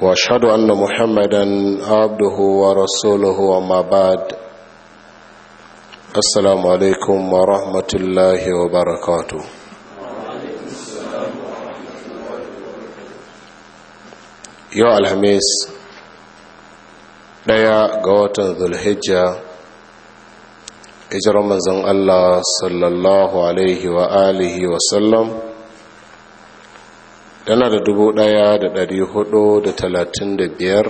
واشهد ان محمدا عبده ورسوله وما بعد السلام عليكم ورحمه الله وبركاته yau alhamis ɗaya ga watan zulhijja hijirar manzon allah sallallahu alaihi wa alihi sallam. tana da dubu ɗaya da ɗari hudu da talatin da biyar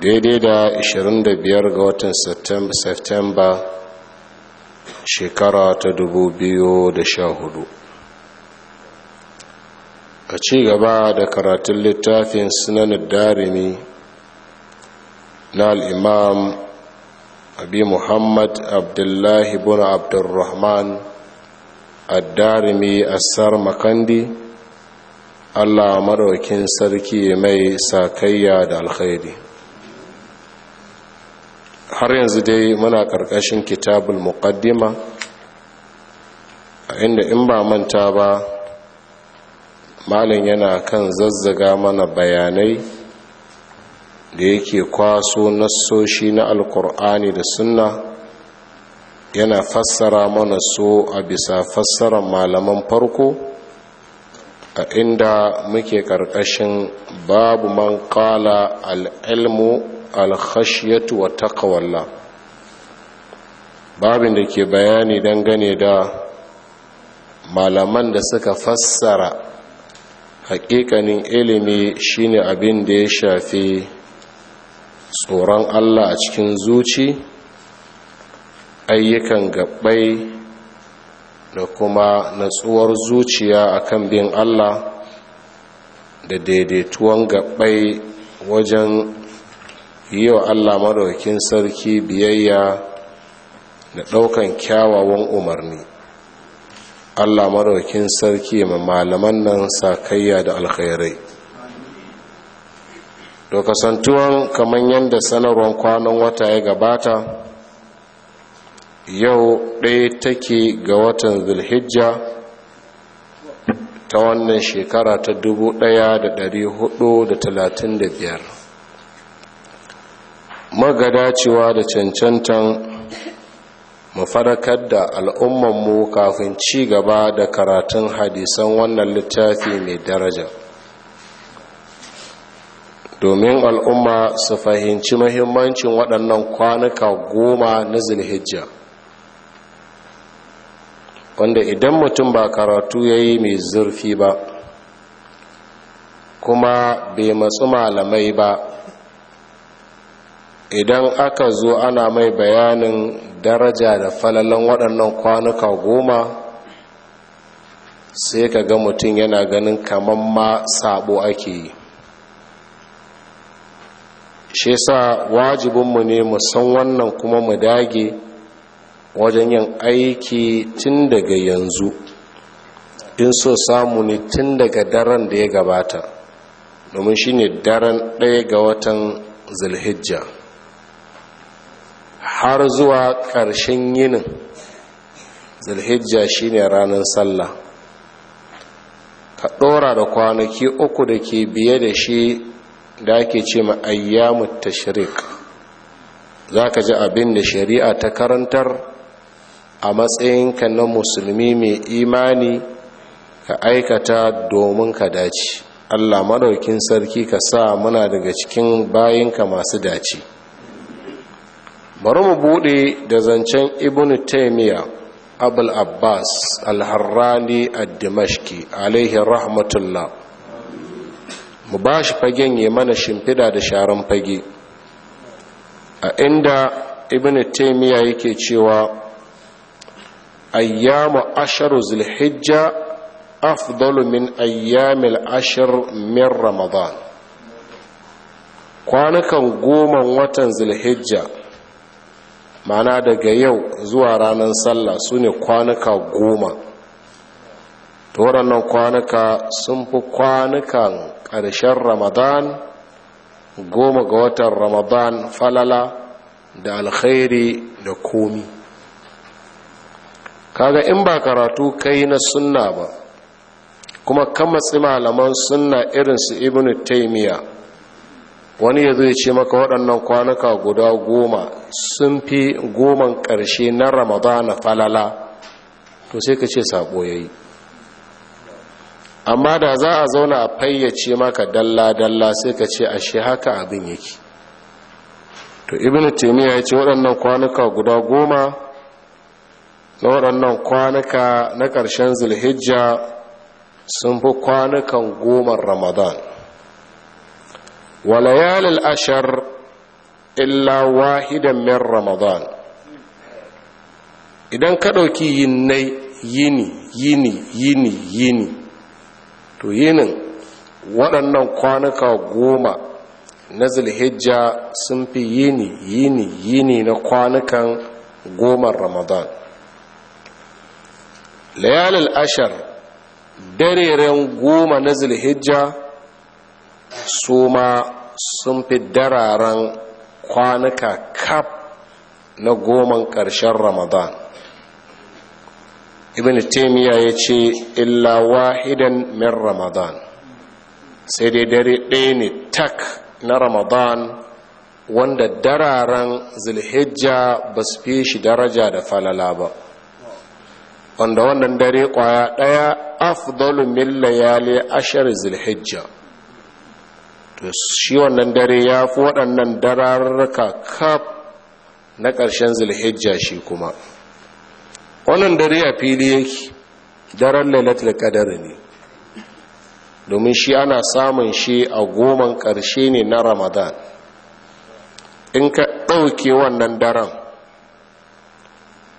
daidai da ashirin da biyar ga watan septemba shekara ta dubu biyu da sha hudu a ci gaba da karatun littafin sunanin darimi na al'imam abi muhammad abdullahi bin abdurrahman الدارمي السر مكندي Allah maraukin sarki mai sakayya da alkhairi har yanzu dai muna ƙarƙashin kitabul muqaddima a inda in ba manta ba malin yana kan zazzaga mana bayanai da yake kwaso nassoshi na alkur'ani da sunna yana fassara mana so a bisa fassarar malaman farko a inda muke ƙarƙashin babu man ƙala al'ilmu alkhashiyatu wa takawalla babin da ke bayani dangane da malaman da suka fassara hakikanin ilimi shine abin da ya shafi tsoron Allah a cikin zuci ayyukan gabbai da kuma natsuwar zuciya akan bin Allah da daidaituwan gabai wajen yi wa Allah madaukakin sarki biyayya da ɗaukan kyawawan umarni Allah madaukakin sarki ma malaman nan sakayya da alkhairai to kasantuwan kamar yadda sanarwar kwanan wata ya gabata yau ɗaya take ga watan zulhijja ta wannan shekara ta dubu ɗaya da ɗari hudu da talatin da biyar magadacewa da cancantan mafarakar da al'ummanmu kafin ci gaba da karatun hadisan wannan littafi mai daraja domin al'umma su fahimci mahimmancin waɗannan kwanuka goma na zulhijja wanda idan mutum ba karatu ya yi mai zurfi ba kuma bai matsu malamai ba idan aka zo ana mai bayanin daraja da falalan waɗannan kwanuka goma sai ka ga mutum yana ganin kamar ma sabo ake yi shi sa wajibinmu ne mu san wannan kuma mu dage wajen yin aiki tun daga yanzu in so samu ne tun daga daren da ya gabata domin shi ne daren ɗaya ga watan zulhijja har zuwa ƙarshen yinin zulhijja shi ne ranar sallah ka ɗora da kwanaki uku da ke biye da shi da ake ce ma ayyamu tashrik za ka ji abin da shari'a ta karantar a matsayinka na musulmi mai imani ka aikata domin ka dace allah maɗaukin sarki ka sa muna daga cikin bayinka masu dace bari mu bude da zancen ibn taimiyya abul abbas alharrani addimashki dimashki alaihi rahmatullah mu ba shi fagen ya mana shimfida da sharan fage a inda ibn taimiyya yake cewa ayyamu asharu zulhijja afdalu min ayyamil ashir min ramadan kwanukan goma watan zulhijja mana daga yau zuwa ranar sallah su ne kwanuka goma to kwanuka sun fi kwanukan ƙarshen ramadan goma ga watan ramadan falala da alkhairi da komi kaga in ba karatu kai na sunna ba kuma kan matsi malaman sunna irin su ibn taimiya wani ya zai ce maka waɗannan kwanuka guda goma sun fi goman ƙarshe na ramadana falala to sai ka ce sabo ya yi amma da za a zauna a fayyace maka dalla-dalla sai ka ce ashe haka abin yake to ibn taimiyya ya ce waɗannan kwanuka guda goma na waɗannan kwanuka na ƙarshen zulhijja sun fi kwanukan goma ramadan walayalil ashar illa wahidan min ramadan idan ka ɗauki yinnai yini yini yini yini to yinin waɗannan kwanuka goma na zulhijja sun fi yini yini yini na kwanukan goma ramadan layalil ashar dareren goma na zulhijja su ma sun fi dararen kwanuka kaf na goma ƙarshen ramadan ibn taimiyya ya ce illa wahidan min ramadan sai dai dare ɗaya ne tak na ramadan wanda dararen zulhijja ba su fi shi daraja da falala ba wanda wannan dare kwaya daya afdalu min layali ashar zulhijja to shi wannan dare ya fi waɗannan dararraka kaf na ƙarshen zulhijja shi kuma wannan dare a fili yake daren lailatul qadar ne domin shi ana samun shi a goman ƙarshe ne na ramadan in ka ɗauke wannan daren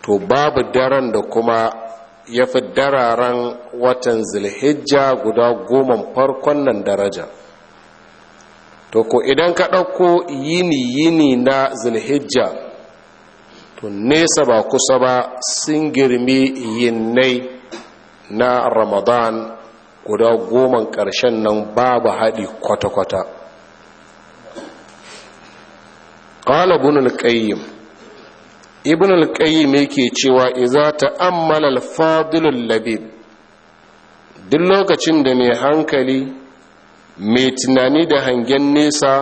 to babu daren da kuma ya fi dararen watan zilhijja guda goma farkon nan daraja to ko idan ka ɗauko yini-yini na zilhijja to nesa ba kusa ba sun girmi yinnai na ramadan guda goma ƙarshen nan babu haɗi kwata-kwata ƙalabun alƙayyim ibn al-qayyim yake cewa iza ta'ammala al-fadil al-labib duk lokacin da mai hankali mai tunani da hangen nesa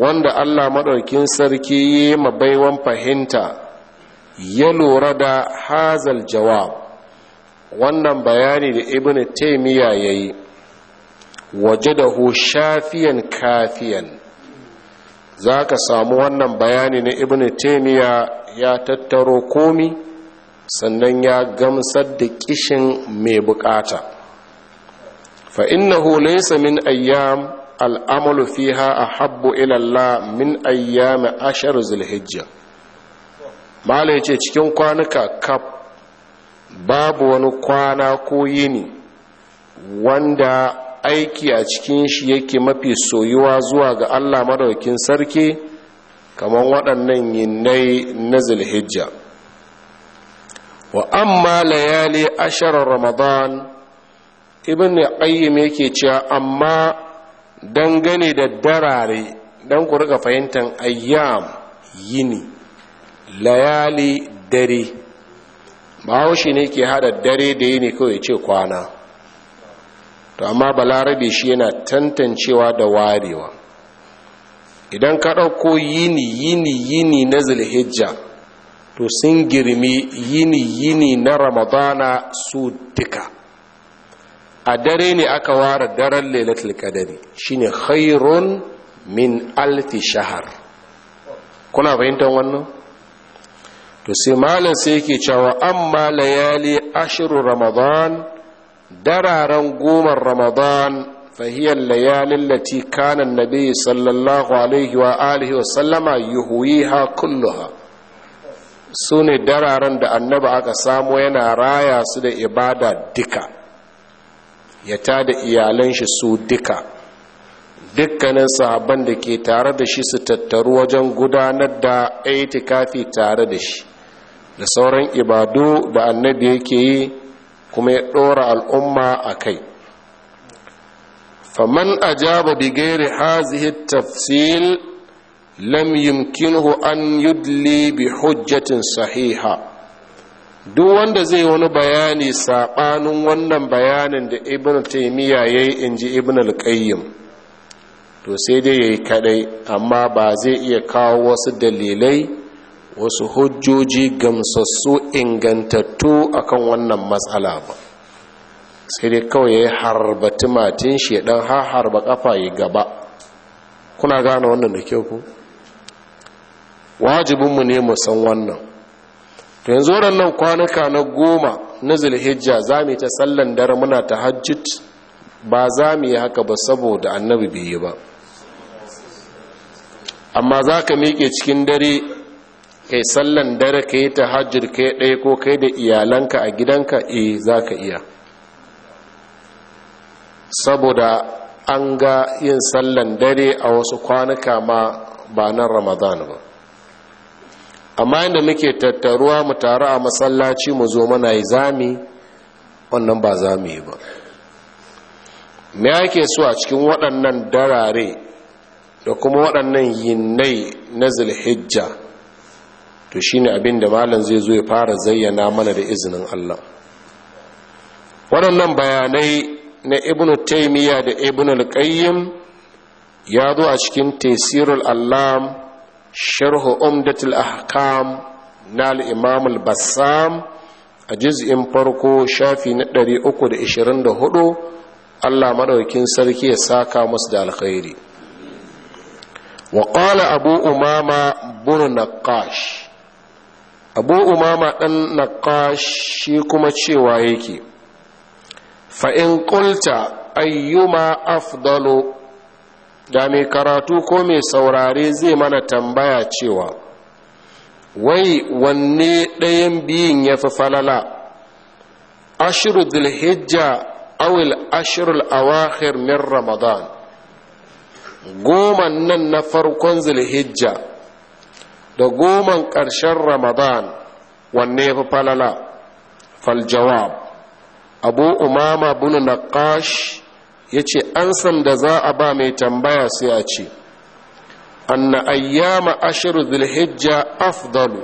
wanda Allah madaukin sarki ya ma baiwan fahimta ya lura da hazal jawab wannan bayani da ibn taymiya yayi wajadahu shafiyan kafiyan zaka samu wannan bayani na ibn taymiya ya tattaro komi sannan ya gamsar da kishin mai bukata fa innahu laysa min ayyam al'amalu fiha a ila Allah min ayyam ashar zulhijja mala yace cikin kwanuka kap babu wani kwana ko yini wanda aiki a cikin shi yake mafi soyuwa zuwa ga Allah madaukin sarki kamar waɗannan yinnai na zulhijja wa amma layali asharar ramadan ibn ayyim yake cewa amma dangane da darare don ku rika fahimtar ayyam yini layali dare bahaushe ne ke hada dare da yini kawai ce kwana to amma balarabe shi yana tantancewa da warewa idan ka ɗauko yini yini yini na zulhijja to sun girmi yini yini na ramadana su duka a dare ne aka ware daren lailatul qadari shine khairun min alfi shahar kuna fahimtar wannan to sai malam sai yake cewa amma layali ashirin ramadan dararen goma ramadan فهي الليالي التي كان النبي صلى الله عليه وآله وسلم يهويها كلها sune dararen da annaba aka samo yana raya su da ibada duka ya tada iyalan shi su duka dukkanin sahaban da ke tare da shi su tattaru wajen gudanar da aitikafi tare da shi da sauran ibadu da annabi yake yi kuma ya ɗora al'umma a kai faman ajaba bi gairi hazihi tafsil lam yumkinhu an yudli bi hujjatin sahiha duk wanda zai wani bayani saɓanin wannan bayanin da ibn taimiyya ya yi in ji ibn alƙayyim to sai dai ya yi kaɗai amma ba zai iya kawo wasu dalilai wasu hujjoji gamsassu ingantattu akan wannan matsala ba sai dai kawai ya harba tumatin shi ya dan harba kafa ya gaba kuna gane wannan da kyau ku wajibinmu ne mu san wannan to yanzu waɗannan kwanuka na goma na zulhijja za mu ta sallan dare muna ta hajjit ba za mu yi haka ba saboda annabi bai yi ba amma za ka miƙe cikin dare kai sallan dare ka yi ta hajjir kai ɗaya ko kai da iyalanka a gidanka e za ka iya saboda an ga yin sallan dare a wasu kwanuka ma ba nan ramadan ba amma inda muke tattaruwa mu taru a masallaci mu zo mana yi zami wannan ba zami ba me ake so a cikin waɗannan darare da kuma waɗannan yinnai na zulhijja to shine abin da malam zai zo ya fara zayyana mana da izinin Allah waɗannan bayanai na ibn taimiyya da ibn al ya zo a cikin tesirul allam sharhu umdatul ahkam na al-imam al-bassam a juz'in farko shafi na 324 Allah maɗaukin sarki ya saka musu da alkhairi wa qala abu umama bun naqash abu umama ɗan naqash shi kuma cewa yake fa'in ƙulta ayyuma afdalu da mai karatu ko mai saurare zai mana tambaya cewa wai wanne ɗayan biyun ya fi falala ashiru dhulhijja awil ashirul awakhir min ramadan goman nan na farkon zulhijja da goman ƙarshen ramadan wanne ya fi falala faljawab abu umama bunu naqash yace an sanda da za a ba mai tambaya sai a ce anna ayyama ashiru zulhijja afdalu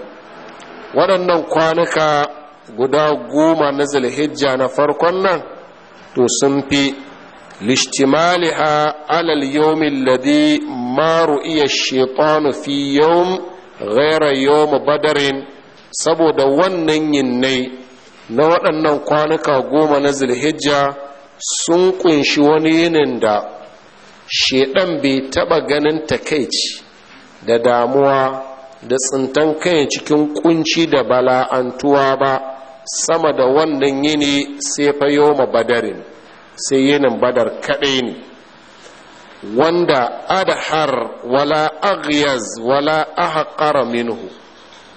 waɗannan kwanuka guda goma na zulhijja na farkon nan to sun fi lishtimaliha alal yomin ladi maru iya shaitanu fi yawm ghaira yawm badarin saboda wannan yinnai na waɗannan kwanuka goma na zulhijja sun kunshi wani yinin da shaidan bai taɓa ganin takaici da damuwa da tsintan kai cikin kunci da bala'antuwa ba sama da wannan yini sai fa ma badarin sai yinin badar kaɗai ne wanda adhar wala aghyaz wala ahqara minhu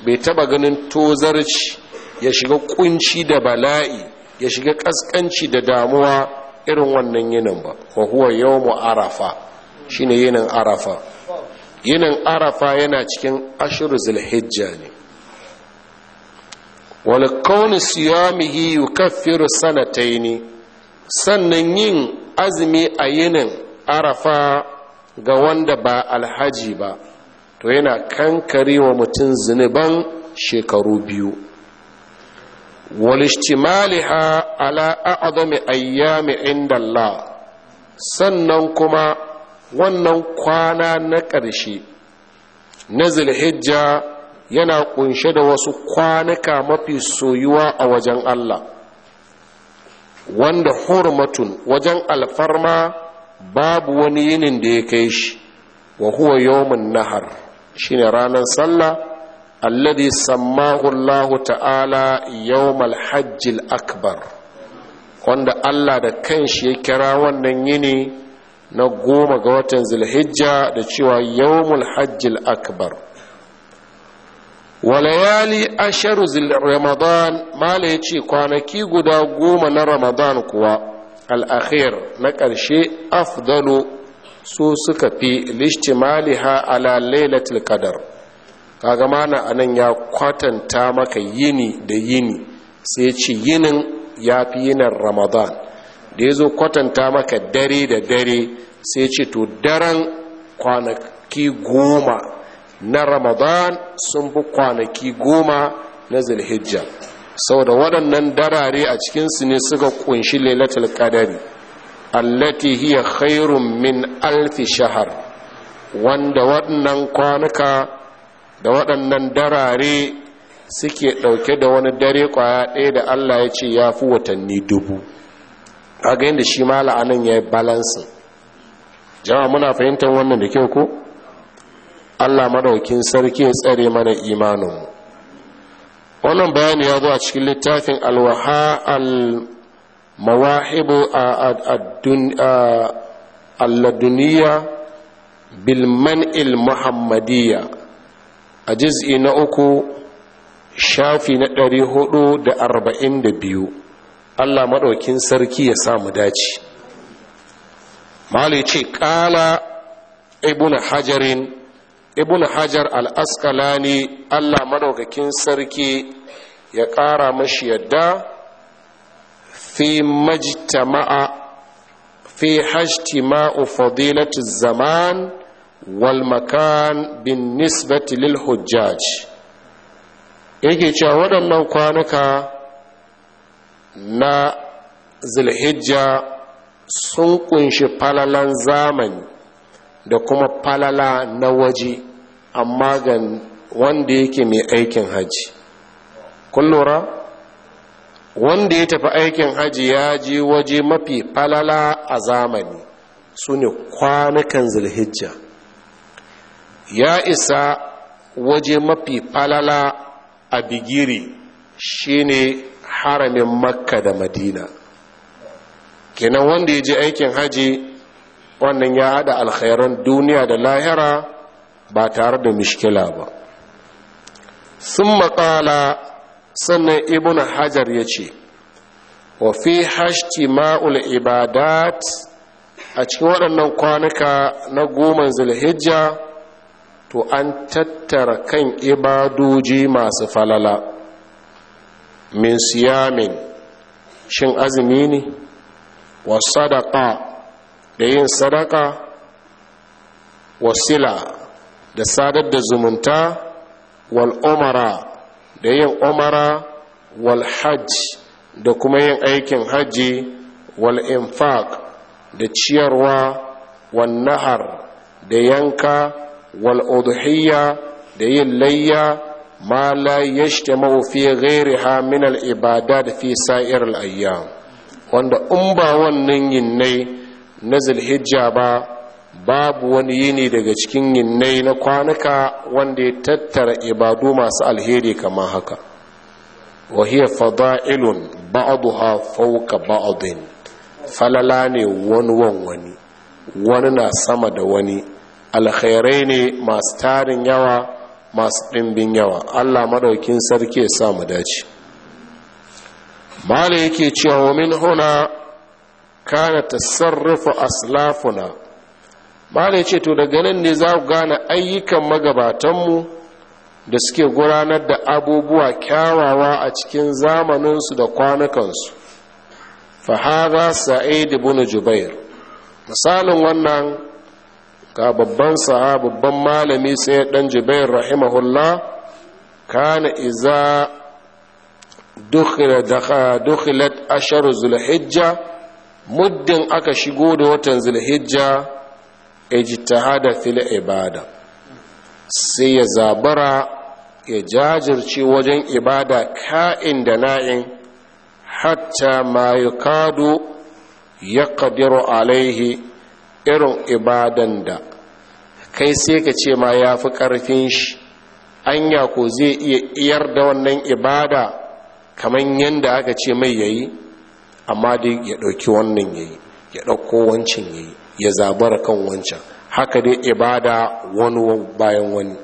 bai taɓa ganin tozarci ya shiga kunci da bala'i ya shiga kaskanci da damuwa irin wannan yinin ba wa huwa yawmu arafa shine yinin arafa yinin arafa yana cikin ashru zulhijja ne wal kauni siyamihi yukaffiru sanataini sannan yin azumi a yinin arafa ga wanda ba alhaji ba to yana kankare wa mutum zunuban shekaru biyu walishtimaliha ala a'zami ayyami inda sannan kuma wannan kwana na ƙarshe na hijja yana kunshe da wasu kwanuka mafi soyuwa a wajen Allah wanda hurmatun wajen alfarma babu wani yinin da ya kai shi wa huwa yawmun nahar shine ranar sallah alladhi sammahu Allah ta'ala yawmal hajjil akbar wanda Allah da kanshi ya kira wannan yini na goma ga watan zulhijja da cewa yawmul hajjil akbar walayali asharu zil ramadan mala ya ce kwanaki guda goma na ramadan kuwa al'akhir na ƙarshe afdalu su suka fi lishtimaliha ala lailatul qadar kaga mana a nan ya kwatanta maka yini da yini sai ce yinin ya fi yinin ramadan da ya zo kwatanta maka dare da dare sai ce to daren kwanaki goma na ramadan sun fi kwanaki goma na zilhijja sau da waɗannan darare a cikinsu ne suka ƙunshi lailatul qadari allati hiya khairun min alfi shahar wanda waɗannan kwanuka da waɗannan darare suke ɗauke da wani dare kwaya ɗaya da allah ya ce ya fi watanni dubu a ga yadda shi mala a nan ya yi balansin jama muna fahimtar wannan da kyau ko allah maɗaukin sarki ya tsare mana imaninmu wannan bayani ya zo a cikin littafin alwaha al-mawahibu alladuniya bilman il muhammadiyya a jiz'i na uku shafi na ɗari hudu da arba'in da biyu allah maɗaukin sarki ya samu dace mahalli ce ƙala ibn hajarin ibn hajar al'askalani allah maɗaukakin sarki ya ƙara mashi yadda fi majtama'a fi hajtima'u fadilatu zaman Walmakan bin nisbati lil hujjaj yake cewa waɗannan kwanuka na zulhijja sun kunshi falalan zamani da kuma falala na waje amma ga wanda yake mai aikin haji kun wanda ya tafi aikin haji ya je waje mafi falala a zamani su ne kwanukan zulhijja ya isa waje mafi falala a bigiri shine haramin makka da madina kenan wanda ya ji aikin haji wannan ya haɗa alkhairan duniya da lahira ba tare da mishkila ba sun makala sannan ibn hajar ya ce wa fi hashti ma'ul ibadat a cikin waɗannan kwanuka na goma zulhijja to an tattara kan ibadoji masu falala min siyamin shin azumi ne wa sadaka da yin sadaka wasila da sadar da zumunta wal umara da yin umara wal hajj da kuma yin aikin hajji wal infaq da ciyarwa wal nahar da yanka wal udhiyya da yin layya ma la yajtama'u fi ha min al ibadat fi sa'ir al ayyam wanda in ba wannan yinnai na zulhijja ba babu wani yini daga cikin yinnai na kwanuka wanda ya tattara ibadu masu alheri kamar haka wa hiya fada'ilun ba'daha fawqa ba'din falala ne wani wani na sama da wani alkhairai ne masu tarin yawa masu ɗimbin yawa allah maɗaukin sarki ya samu dace mala yake cewa min huna kana sarrafa aslafuna mala ce to daga nan ne za ku gane ayyukan magabatanmu da suke gudanar da abubuwa kyawawa a cikin zamaninsu da kwanukansu fahara sa'id ibn jubair misalin wannan ga babban saha babban malami sai dan jubair rahimahullah kana iza dukhilat ashar zulhijja muddin aka shigo da watan zulhijja ijtihada fil ibada sai ya zabara ya jajirce wajen ibada ka'in da na'in hatta ma yukadu ya alaihi irin ibadan da kai sai ka ce ma ya fi ƙarfin shi anya ko zai iya iyar da wannan ibada kamar yadda aka ce mai yayi amma dai ya ɗauki wannan yayi ya ɗauko wancan yayi ya zabara kan wancan haka dai ibada wani bayan wani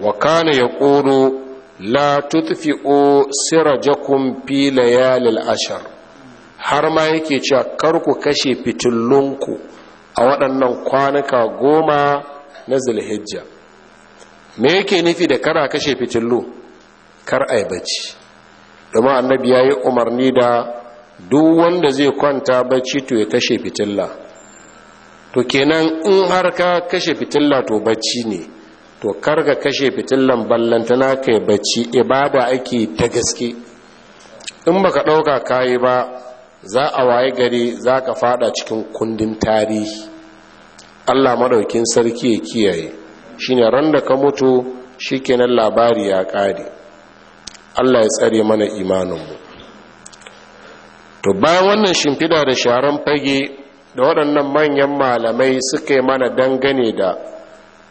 wa kana ya ƙoro la tutfi'u sirajakum fi layalil ashar har ma yake cewa kar ku kashe fitullunku a waɗannan kwanuka goma na zulhijja me yake nufi da kara kashe fitillu kar a yi bacci domin annabi ya yi umarni da duk wanda zai kwanta bacci to ya kashe fitilla to kenan in har ka kashe fitilla to bacci ne to ka kashe fitillan ballantana kai bacci ibada ake ta gaske in baka ɗauka kayi ba za a waye gari za ka fada cikin kundin tarihi allah maɗaukin sarki ya kiyaye shine ran da ka mutu shi shikenan labari ya ƙare allah ya tsare mana imaninmu to bayan wannan shimfida da sharan fage da waɗannan manyan malamai suka yi mana dangane da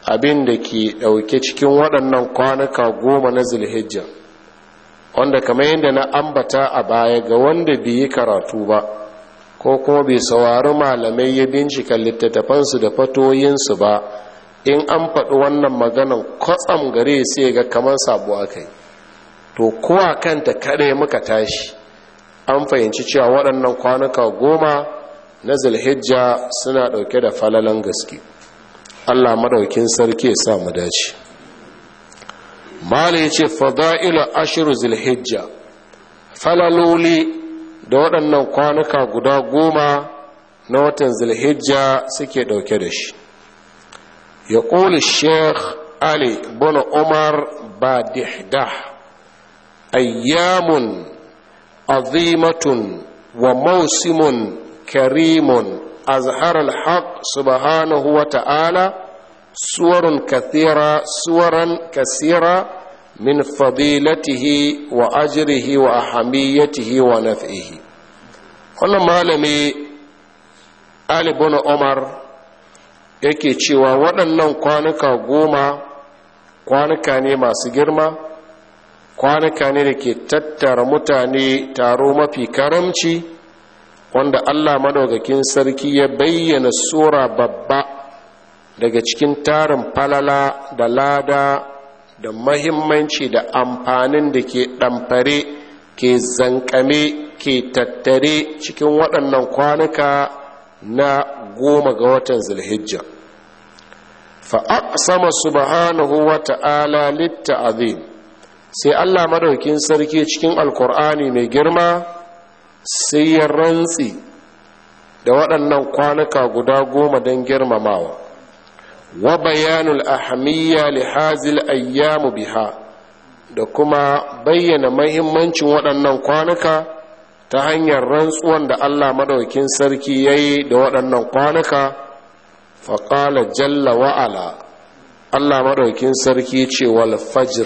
abin da ke ɗauke cikin waɗannan kwanuka goma na zulhijja wanda kamar yadda na ambata a baya ga wanda bai yi karatu ba ko kuma bai saurari malamai ya bincika littattafansu da fatoyinsu ba in an faɗi wannan maganan kwatsam gare sai ga kamar sabu aka yi to kowa kanta kaɗai muka tashi an fahimci cewa waɗannan kwanuka goma na zulhijja suna ɗauke da falalan gaske allah maɗaukin sarki ya sa mu dace mala ya ce fada'ilu ashiru zilhijja falaloli da waɗannan kwanuka guda goma na watan zilhijja suke ɗauke da shi ya ƙoli sheikh ali bin umar badihdah ayyamun azimatun wa mausimun karimun azharar haƙ subhanahu wa ta'ala suwarun kathira suwaran kasira min fadilatihi wa ajrihi wa ahamiyatihi wa naf'ihi wannan malami ali bin umar yake cewa waɗannan kwanuka goma kwanuka ne masu girma kwanuka ne da ke tattara mutane taro mafi karamci wanda allah madaukakin sarki ya bayyana sura babba daga cikin tarin falala da lada da mahimmanci da amfanin da ke ɗamfare ke zankame ke tattare cikin waɗannan kwanuka na goma ga watan zulhijja fa'aƙsama subhanahu wa ta'ala azim sai allah madaukin sarki cikin alkur'ani mai girma sai ya rantsi da waɗannan kwanuka guda goma don girmamawa wa bayanul ahamiyya li hazil ayyamu biha da kuma bayyana mahimmancin waɗannan kwanuka ta hanyar rantsuwan da Allah madaukin sarki yayi da waɗannan kwanuka qala jalla wa'ala Allah madaukin sarki ce wal fajr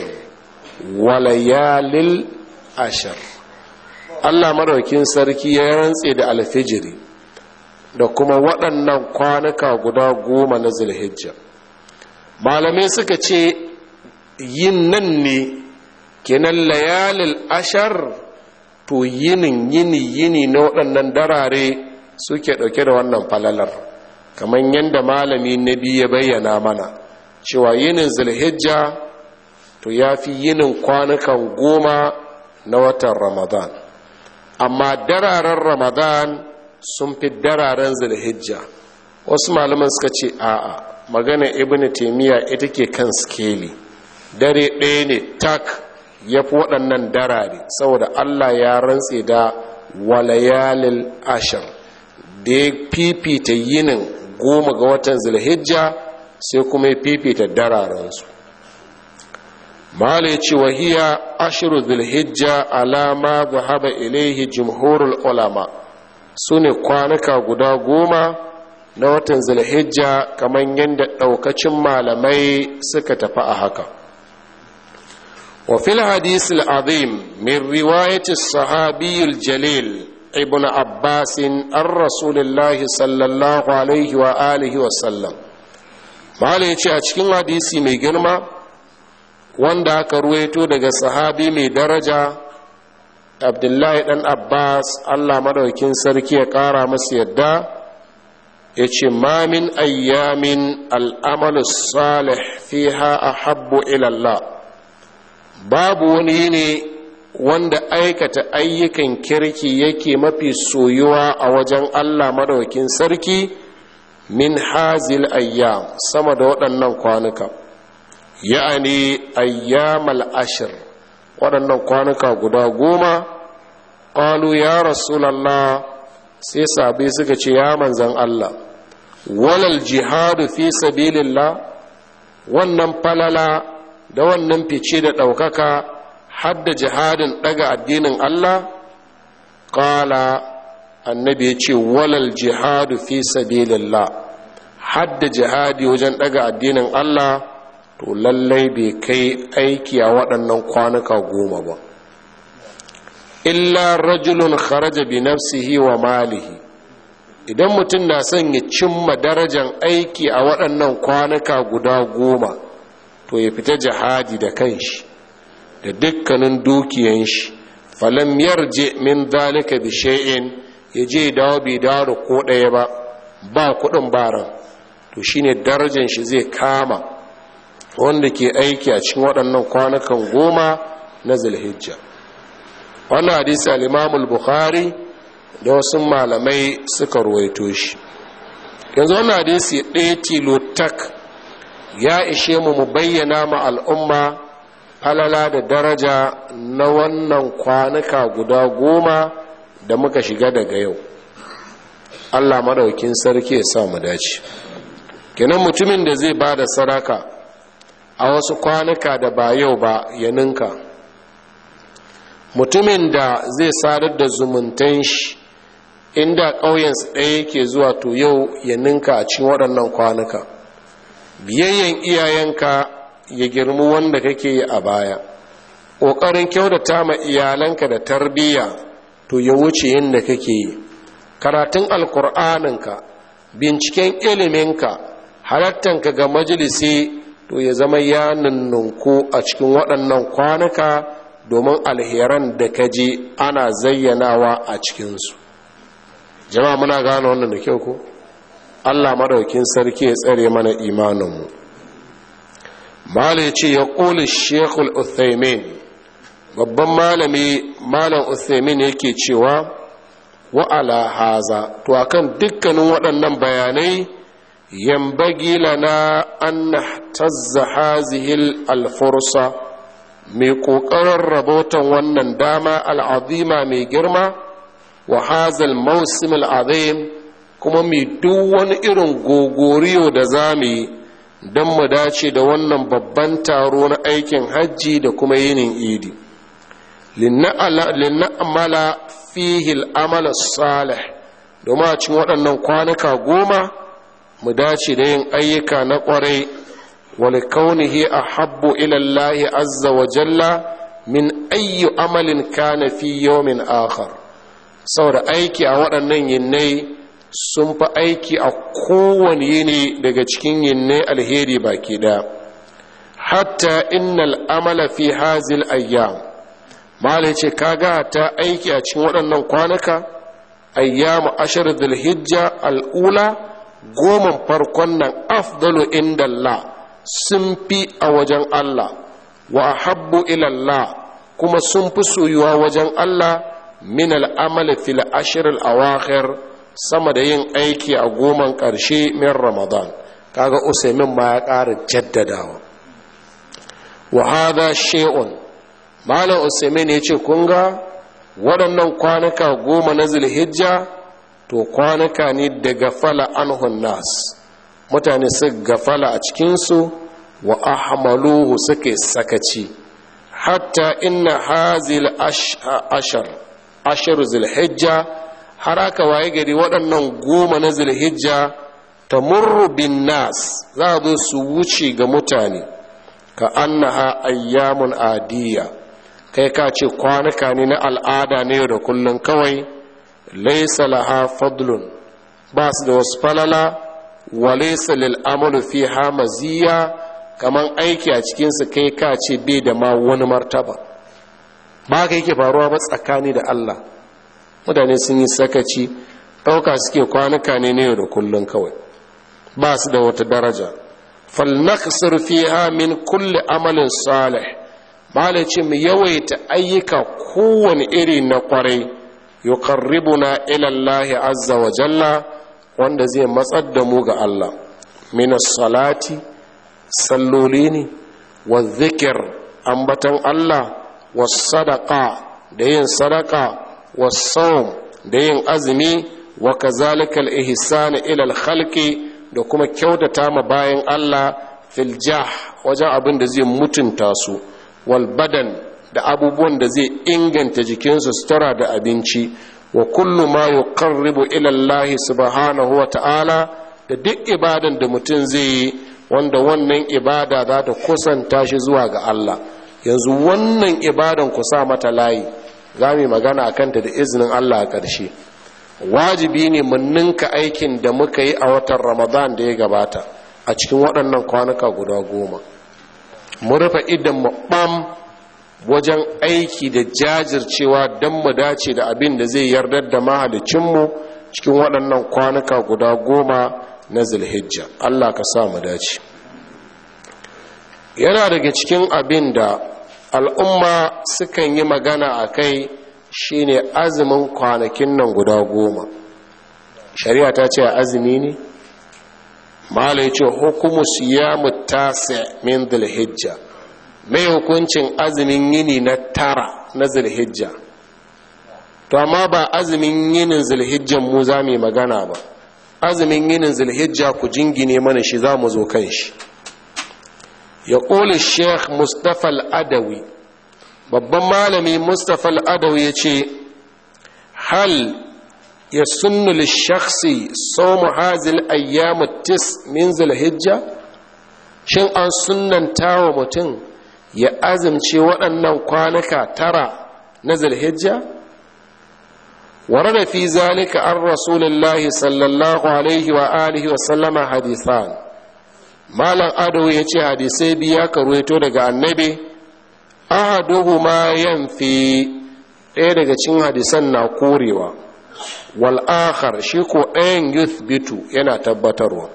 layalil ashar Allah madaukin sarki ya rantse da alfijiri da kuma waɗannan kwanuka guda goma na zilhijja malamai suka ce yin nan ne kenan layalil ashar to yinin yini yini na waɗannan darare suke ɗauke da wannan falalar kamar yadda malami na biyu ya bayyana mana cewa yinin zulhijja to ya fi yinin kwanukan goma na watan ramadan amma dararen ramadan sun fi dararen zulhijja wasu malaman suka ce a'a magana ibn taimiyya ita ke kan skeli dare ɗaya ne tak ya fi waɗannan darare saboda allah ya rantse da walayalil ashir da ya fifita yinin goma ga watan zulhijja sai kuma ya fifita dararensu malai ce wahiya ashiru zulhijja alama zahaba ilaihi jumhurul ulama su ne kwanuka guda goma na watan Zulhijja kamar yadda ɗaukacin malamai suka tafi a haka fil hadisi azim min riwayatis sahabiyyar jalil ibn abbasin an rasulullahi sallallahu alaihi wa alihi wa sallam malin yace a cikin hadisi mai girma wanda aka ruwaito daga sahabi mai daraja abdullahi dan abbas allah madaukin sarki ya ƙara masa yadda ya ce mamin ayyamin al'amalu salih fiha a habbu ilallah babu wani ne wanda aikata ayyukan kirki yake mafi soyuwa a wajen allah madaukin sarki min hazil ayyam sama da waɗannan kwanuka ya'ani ayyamal ashir waɗannan kwanuka guda goma ƙalu ya rasu lalla sai sabi suka ce ya manzan Allah walal jihadu fi sabilillah wannan falala da wannan fice da ɗaukaka hadda jihadin ɗaga addinin Allah ƙala annabi ya ce walal jihadu fi sabilillah hadda jihadi wajen ɗaga addinin Allah to lallai bai kai aiki a waɗannan kwanuka goma ba illa rajulun kharaja bi nafsihi wa malihi idan mutum na son ya cimma darajan aiki a waɗannan kwanuka guda goma to ya fita jihadi da kanshi da dukkanin dukiyan shi falam yarje min zalika bi shay'in ya je dawo bai dawo da ko ɗaya ba ba kuɗin baran to shine darajan shi zai kama wanda ke aiki a cikin waɗannan kwanakan goma na zulhijja wannan hadisi alimamul bukhari da wasu malamai suka ruwaito shi yanzu wannan hadisi ɗaya tilo tak ya ishe mu mu bayyana ma al'umma falala da daraja na wannan kwanuka guda goma da muka shiga daga yau allah maɗaukin sarki ya sa mu dace kenan mutumin da zai ba da sadaka. a wasu kwanuka da ba yau ba ya ninka mutumin da zai sadar da zumuntan shi inda ƙauyensu ɗaya yake zuwa to yau ya ninka a cikin waɗannan kwanuka biyayyen iyayenka ya girmi wanda kake yi a baya ƙoƙarin kyautata ma iyalanka da tarbiyya to ya wuce yadda kake yi karatun alkur'aninka binciken iliminka halattanka ga majalisi to ya zama ya nannunku a cikin waɗannan kwanuka domin alheran da ka je ana zayyanawa a cikinsu Jam'a muna gane wannan da kyau ko allah maɗaukin sarki ya tsare mana imaninmu malai ya ƙoli shekul uthaimin babban malami malam uthaimin yake cewa wa'ala haza to akan dukkanin waɗannan bayanai ينبغي na أن نحتز هذه الفرصة mai ƙoƙarin rabotan wannan dama al'azima mai girma wa hazal mausim al'azim kuma mai duk wani irin gogoriyo da za mu yi don mu dace da wannan babban taro na aikin hajji da kuma yinin idi linna'amala fihil amala salih domin a cikin waɗannan kwanuka goma mu dace da yin ayyuka na ƙwarai wani kaunihi a habbu ilallahi azza wa jalla min ayyu amalin kana fi yawmin akhar saboda aiki a waɗannan yinnai sun fi aiki a kowane yini daga cikin yinnai alheri baki ɗaya hatta innal amala fi hazil ayyam malai ce kaga ta aiki a cikin waɗannan kwanaka ayyamu ashar dhulhijja al'ula goman farkon nan afdalu inda Allah sun fi a wajen Allah wa habbu ilallah kuma sun fi soyuwa wajen Allah min al'amal fil ashir al-awakhir sama da yin aiki a goman ƙarshe min Ramadan kaga Usaimin ma ya ƙara jaddadawa wa hada shay'un malam Usaimin ya ce kunga waɗannan kwanuka goma na Zulhijja to kwanaka ne da gafala anhun nas mutane su gafala a cikinsu wa ahmaluhu suke sakaci hatta inna hazil ashar ashar zilhijja har aka waye gari waɗannan goma na zilhijja ta bin nas za a zo su wuce ga mutane ka annaha ayyamun adiya kai ka ce kwanaka ne na al'ada ne da kullum kawai laisa laha fadlun ba su da wasu falala wa laisa lil amalu fi maziya kaman aiki a cikinsu kai ka ce bai da ma wani martaba ba ka yake faruwa ba tsakani da Allah mutane sun yi sakaci ɗauka suke kwanuka ne na yau da kullum kawai ba su da wata daraja falnaksir fiha min kulli amalin salih ba ce mu yawaita ayyuka kowane iri na kwarai yuqarribuna ila Allah azza wa jalla wanda zai matsar da mu ga Allah min salati salloli ne wa zikir ambatan Allah wa sadaka da yin sadaka wa sawm da yin azumi wa kazalikal ihsan ila al khalqi da kuma kyautata ma bayan Allah filjah wajen abin da zai mutunta su wal badan da abubuwan da zai inganta jikinsu tara da abinci wa kullu ma yuqarribu ila Allah subhanahu wa ta'ala da duk ibadan da mutum zai yi wanda wannan ibada za ta kusanta shi zuwa ga Allah yanzu wannan ibadan ku sa mata layi za mu magana a kanta da izinin Allah a ƙarshe wajibi ne mu ninka aikin da muka yi a watan Ramadan da ya gabata a cikin waɗannan kwanuka guda goma mu rufe idan mu ɓam wajen aiki da jajircewa don mu dace da abin da zai yardar da mahalicinmu cikin waɗannan kwanuka guda goma na zulhijja allah ka sa mu dace yana daga cikin abin da al'umma sukan yi magana a kai shine azumin kwanakin nan guda goma shari'a ta ce azumi ne mala ce hukumu siya tasa min zulhijja mai hukuncin azumin yini na tara na zulhijja to amma ba azumin yinin zulhijjan mu za mu magana ba azumin yinin zulhijja ku jingine mana shi za mu zo kan shi ya ƙoli sheikh al al'adawi babban malami mustapha al'adawi ya ce hal ya sunnu shakhsi sau muhazil ayyamu tis min zulhijja shin an sunnanta wa mutum ya azumce waɗannan kwanaka tara na zulhijja ورد zalika an عن sallallahu alaihi wa alihi wa sallama hadithan Malam Ado ya ce hadisai biya ka ruwaito daga annabi ma yan yanfi ɗaya daga cin hadisan na korewa wal akhar shi ko ɗayan bitu yana tabbatarwa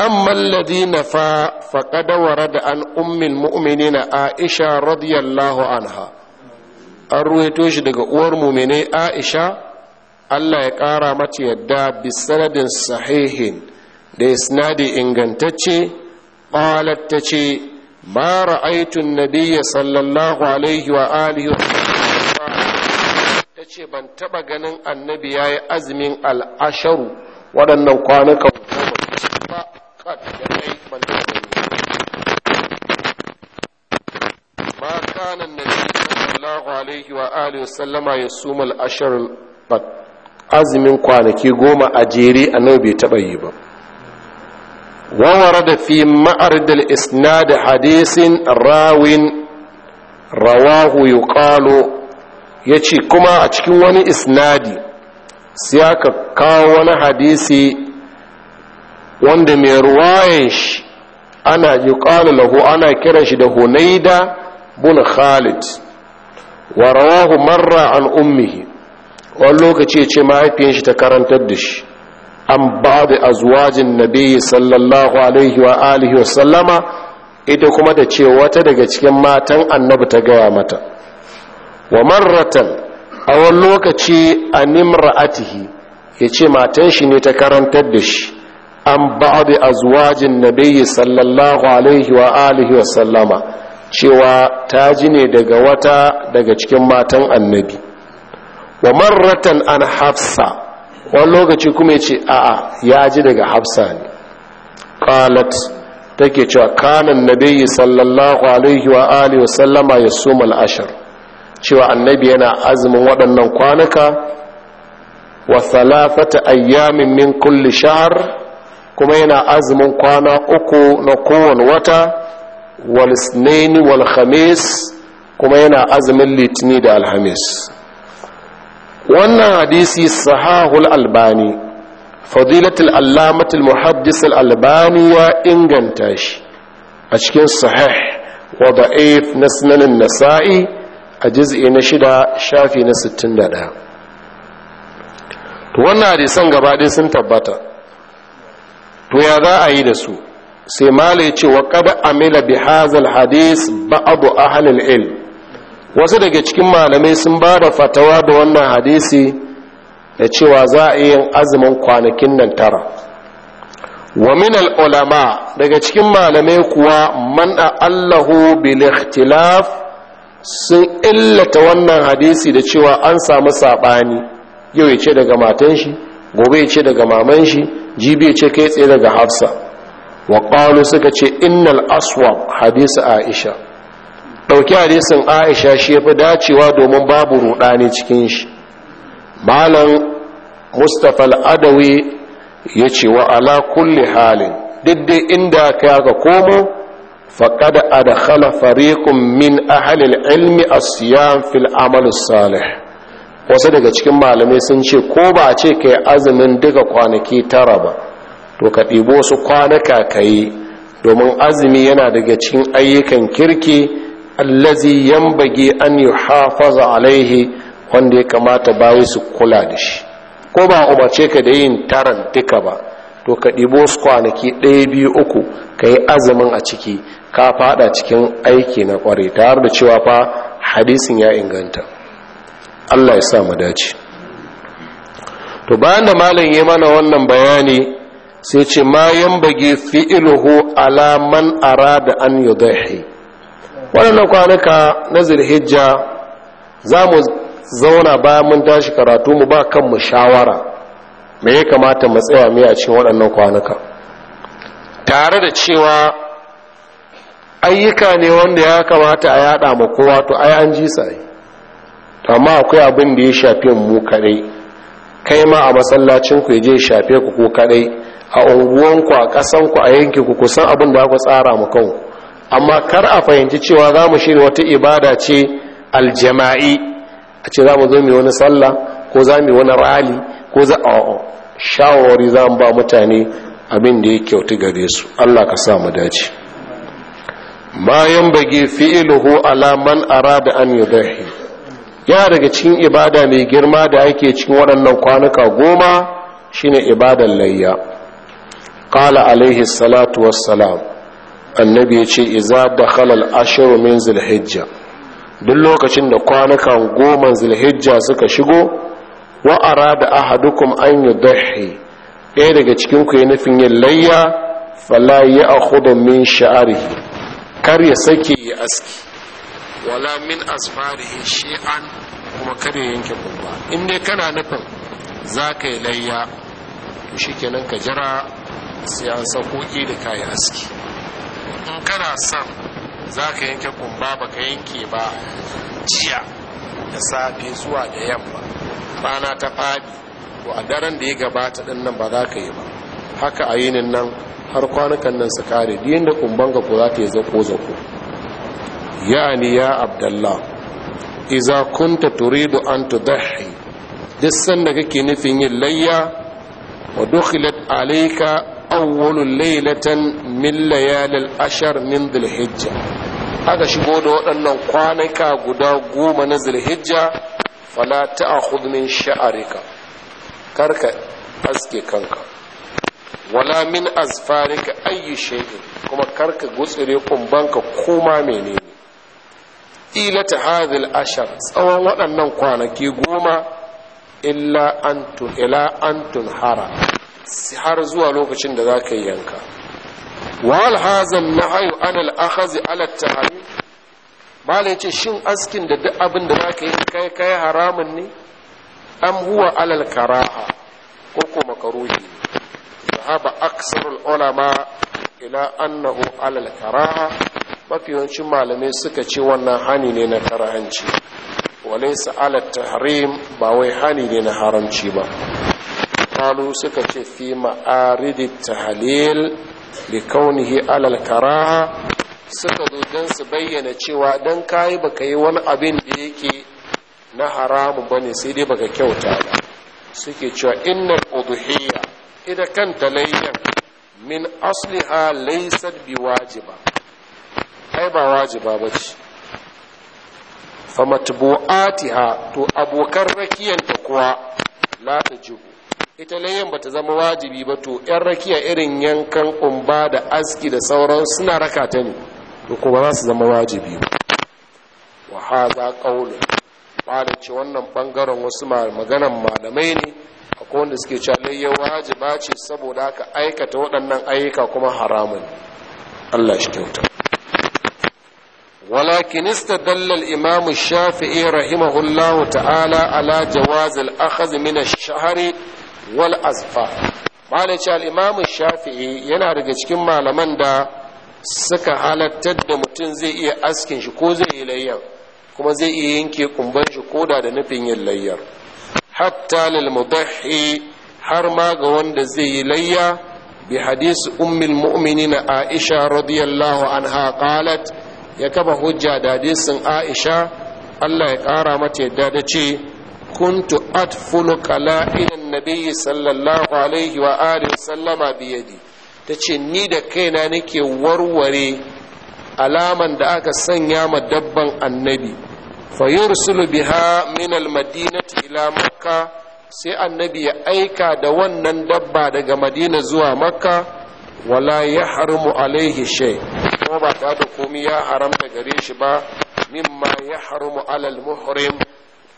أما الذين فا فقد ورد عن أم المؤمنين عائشة رضي الله عنها أروي دقى أور مؤمني عائشة الله يقارى متى يدى بسند صحيح لإسناد إنغنتشي قالت تشي ما رأيت النبي صلى الله عليه وآله تشي بان تبا النبي annabi أزمين العشر al-asharu alaihi wa alihi sallama ya sumul ashar azumin kwanaki goma a jere a nan bai taɓa yi ba wawara da fi ma'ar da isna da hadisin rawin rawahu yi ya ce kuma a cikin wani isnadi sai aka kawo wani hadisi wanda mai ruwayan shi ana yi lahu ana kiran shi da hunaida bin khalid wa rawahu marra an ummihi wani lokaci ce mahaifiyar shi ta karantar da shi an ba da azuwajin nabi sallallahu alaihi wa alihi wa sallama ita kuma da ce wata daga cikin matan annabi ta gaya mata wa marratan a wani lokaci a atihi, ya ce matan shi ne ta karantar da shi an ba da azuwajin nabi sallallahu alaihi wa alihi wa sallama cewa ta ji ne daga wata daga cikin matan annabi wa marratan an hafsa wani lokaci kuma ya ce a'a ya ji daga hafsa ne qalat take cewa kanan nabiyyi sallallahu alaihi wa alihi wa sallama yasumul ashar cewa annabi yana azumin waɗannan kwanuka wa thalathata ayyamin min kulli shahr kuma yana azumin kwana uku na kowane wata wal walhamis kuma yana azumin litini da alhamis wannan hadisi sahahul albani fadilatul allamatul muhaddisul albani ya inganta shi a cikin sahih wa da'if na sunanin nasa'i a jiz'i na shida shafi na 61 to wannan hadisan gaba ɗaya sun tabbata to ya za a yi da su sai malai ce wa kada amila bi hazal hadis ba'd ahli ilm wasu daga cikin malamai sun ba da fatawa da wannan hadisi da cewa za a yi azumin kwanakin nan tara wa min ulama daga cikin malamai kuwa man allahu bil ikhtilaf sun illata wannan hadisi da cewa an samu sabani yau ya ce daga matan shi gobe ya ce daga maman shi jibi ya ce kai tsaye daga hafsa wa qalu suka ce innal aswab hadisi aisha dauki hadisin aisha shi yafi dacewa domin babu rudani cikin shi malam mustapha al'adawi ya ce wa ala kulli halin diddai inda ka ga komo faƙada a da khala fariƙun min ahalil ilmi a siyan fil amalus salih wasu daga cikin malamai sun ce ko ba a ce ka azumin duka kwanaki tara ba to ka ɗibo su kwanaka ka yi domin azumi yana daga cikin ayyukan kirki allazi yambage an yi hafaza alaihi wanda ya kamata bayi su kula da shi ko ba umarce ka da yin taran duka ba to ka ɗibo su kwanaki ɗaya biyu uku ka yi azumin a ciki ka fada cikin aiki na kware tare da cewa fa hadisin ya inganta allah ya sa mu dace to bayan da malam yi mana wannan bayani sai ce ma yambage fi'iluhu ala man arada an yudahi wannan kwanuka na zulhijja za mu zauna bayan mun tashi karatu mu ba kan mu shawara me ya kamata mu tsaya mai a cikin waɗannan kwanuka tare da cewa ayyuka ne wanda ya kamata a yada ma kowa to ai an ji sai amma akwai abin da ya shafe mu kadai kai ma a masallacin ku je shafe ku ko kadai a unguwanku a ƙasanku a yankinku ku san abin da aka tsara mu kanku amma kar a fahimci cewa za mu shirya wata ibada ce aljama'i a ce za mu zo mu wani sallah ko za mu wani rali ko za a shawarwari za mu ba mutane abin da ya kyautu gare su allah ka sa mu dace bayan bage fi'iluhu ala man arada an yudahi ya daga cikin ibada mai girma da ake cikin waɗannan kwanuka goma shine ibadan layya qala alaihi salatu wassalam annabi ya ce iza da halal ashiru min zulhijja duk lokacin da kwanukan goma zulhijja suka shigo wa arada ahadukum an yudahi ɗaya daga cikin ku ya nufin yin layya fala ya akhudu min sha'arihi kar ya sake ya aski wala min asfarihi shi'an kuma kar ya yanke babba in dai kana nufin za ka yi layya to shikenan ka jira sai an sakoki da kayan aski in kana son za ka yanke kumba ba ka yanke ba jiya da safe zuwa da yamma rana ta fadi ko a daren da ya gabata din nan ba za ka yi ba haka a yinin nan har kwanukan nan su kare biyan da kumban ga ku za ta yi zako zako yani ya abdallah iza kunta turidu an tudahi duk sanda kake nufin yin layya wa dukhilat alayka awwalul laylatan min layalil ashar min dhulhijja aka shigo da waɗannan kwanaka guda goma na zulhijja fala ta'khudh min sha'rika karka aske kanka wala min azfarika ayi shay'in kuma karka gutsire kumbanka koma menene ilata hadhil ashar tsawon waɗannan kwanaki goma illa antun ila hara har zuwa lokacin da za ka yi yanka wal hazan na'au an al-akhaz ala tahrim malai ce shin askin da duk abin da ka yi kai kai haramun ne am huwa alal karaha ko ko makaruhi zahaba aksarul ulama ila annahu alal karaha mafi yawanci malamai suka ce wannan hani ne na karahanci walaysa ala tahrim ba wai hani ne na haramci ba kalu suka ce fi ma'aridi tahlil bi kaunihi alal karaha suka zo don su bayyana cewa don kayi baka yi wani abin da yake na haramun bane sai dai baka kyauta ba suke cewa inna udhiyya ida kanta layyan min asliha laysat wajiba ai ba wajiba bace famatbu'atiha to abokan ta kuwa la tajibu ita layyan ta zama wajibi ba to yan rakiya irin yankan umba da aski da sauran suna raka ta ne to ba za su zama wajibi ba wa haza qaulun malam ce wannan bangaren wasu maganan malamai ne akwai wanda suke cewa layya wajiba ce saboda aka aikata waɗannan ayyuka kuma haramun Allah shi kyauta ولكن استدل الإمام الشافعي رحمه الله تعالى على جواز الأخذ من الشهر wal azfa malai ce al'imamu shafi'i yana daga cikin malaman da suka halattar da mutum zai iya askin shi ko zai yi layyar kuma zai iya yanke kumban shi ko da nufin yin layyar hatta lil mudahi har ma ga wanda zai yi layya bi hadisi ummul mu'minin aisha radiyallahu anha qalat ya kafa hujja da hadisin aisha Allah ya kara mata yadda da ce kuntu adfunu kala'inan nabiyyi sallallahu alaihi wa sallama biyadi ta ce ni da kaina nake warware alaman da aka sanya ma dabban annabi fa yursulu biha min almadinati ila makka sai annabi ya aika da wannan dabba daga madina zuwa makka wala ya haramu alaihi kuma ba ta da komai ya haramta gare shi ba mimma ya haramu alal muhrim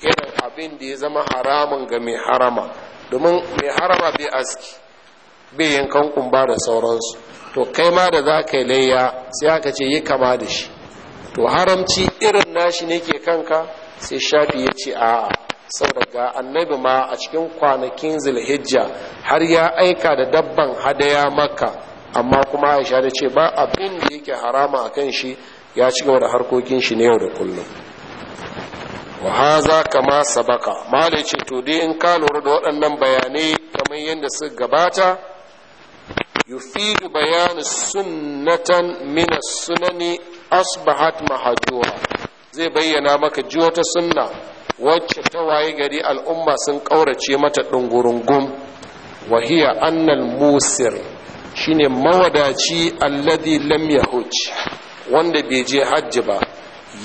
irin abin da ya zama haramun ga mai harama domin mai harama bai aski bai yankan kumba da sauransu to kai ma da za ka yi layya sai aka ce yi kama da shi to haramci irin nashi ne ke kanka sai shafi ya ce a'a saboda annabi ma a cikin kwanakin zulhijja har ya aika da dabban hadaya maka amma kuma aisha da ce ba abin da yake harama a kan shi ya ci gaba da harkokin shi ne yau da kullum wa haza kama sabaka malai ce to dai in ka lura da waɗannan bayanai kamar yadda su gabata yufidu bayanu sunnatan mina sunani asbahat mahajura zai bayyana maka ji wata sunna wacce ta waye gari al'umma sun ƙaurace mata ɗungurungum wa hiya musir shine mawadaci alladhi lamya yahuj wanda bai je hajji ba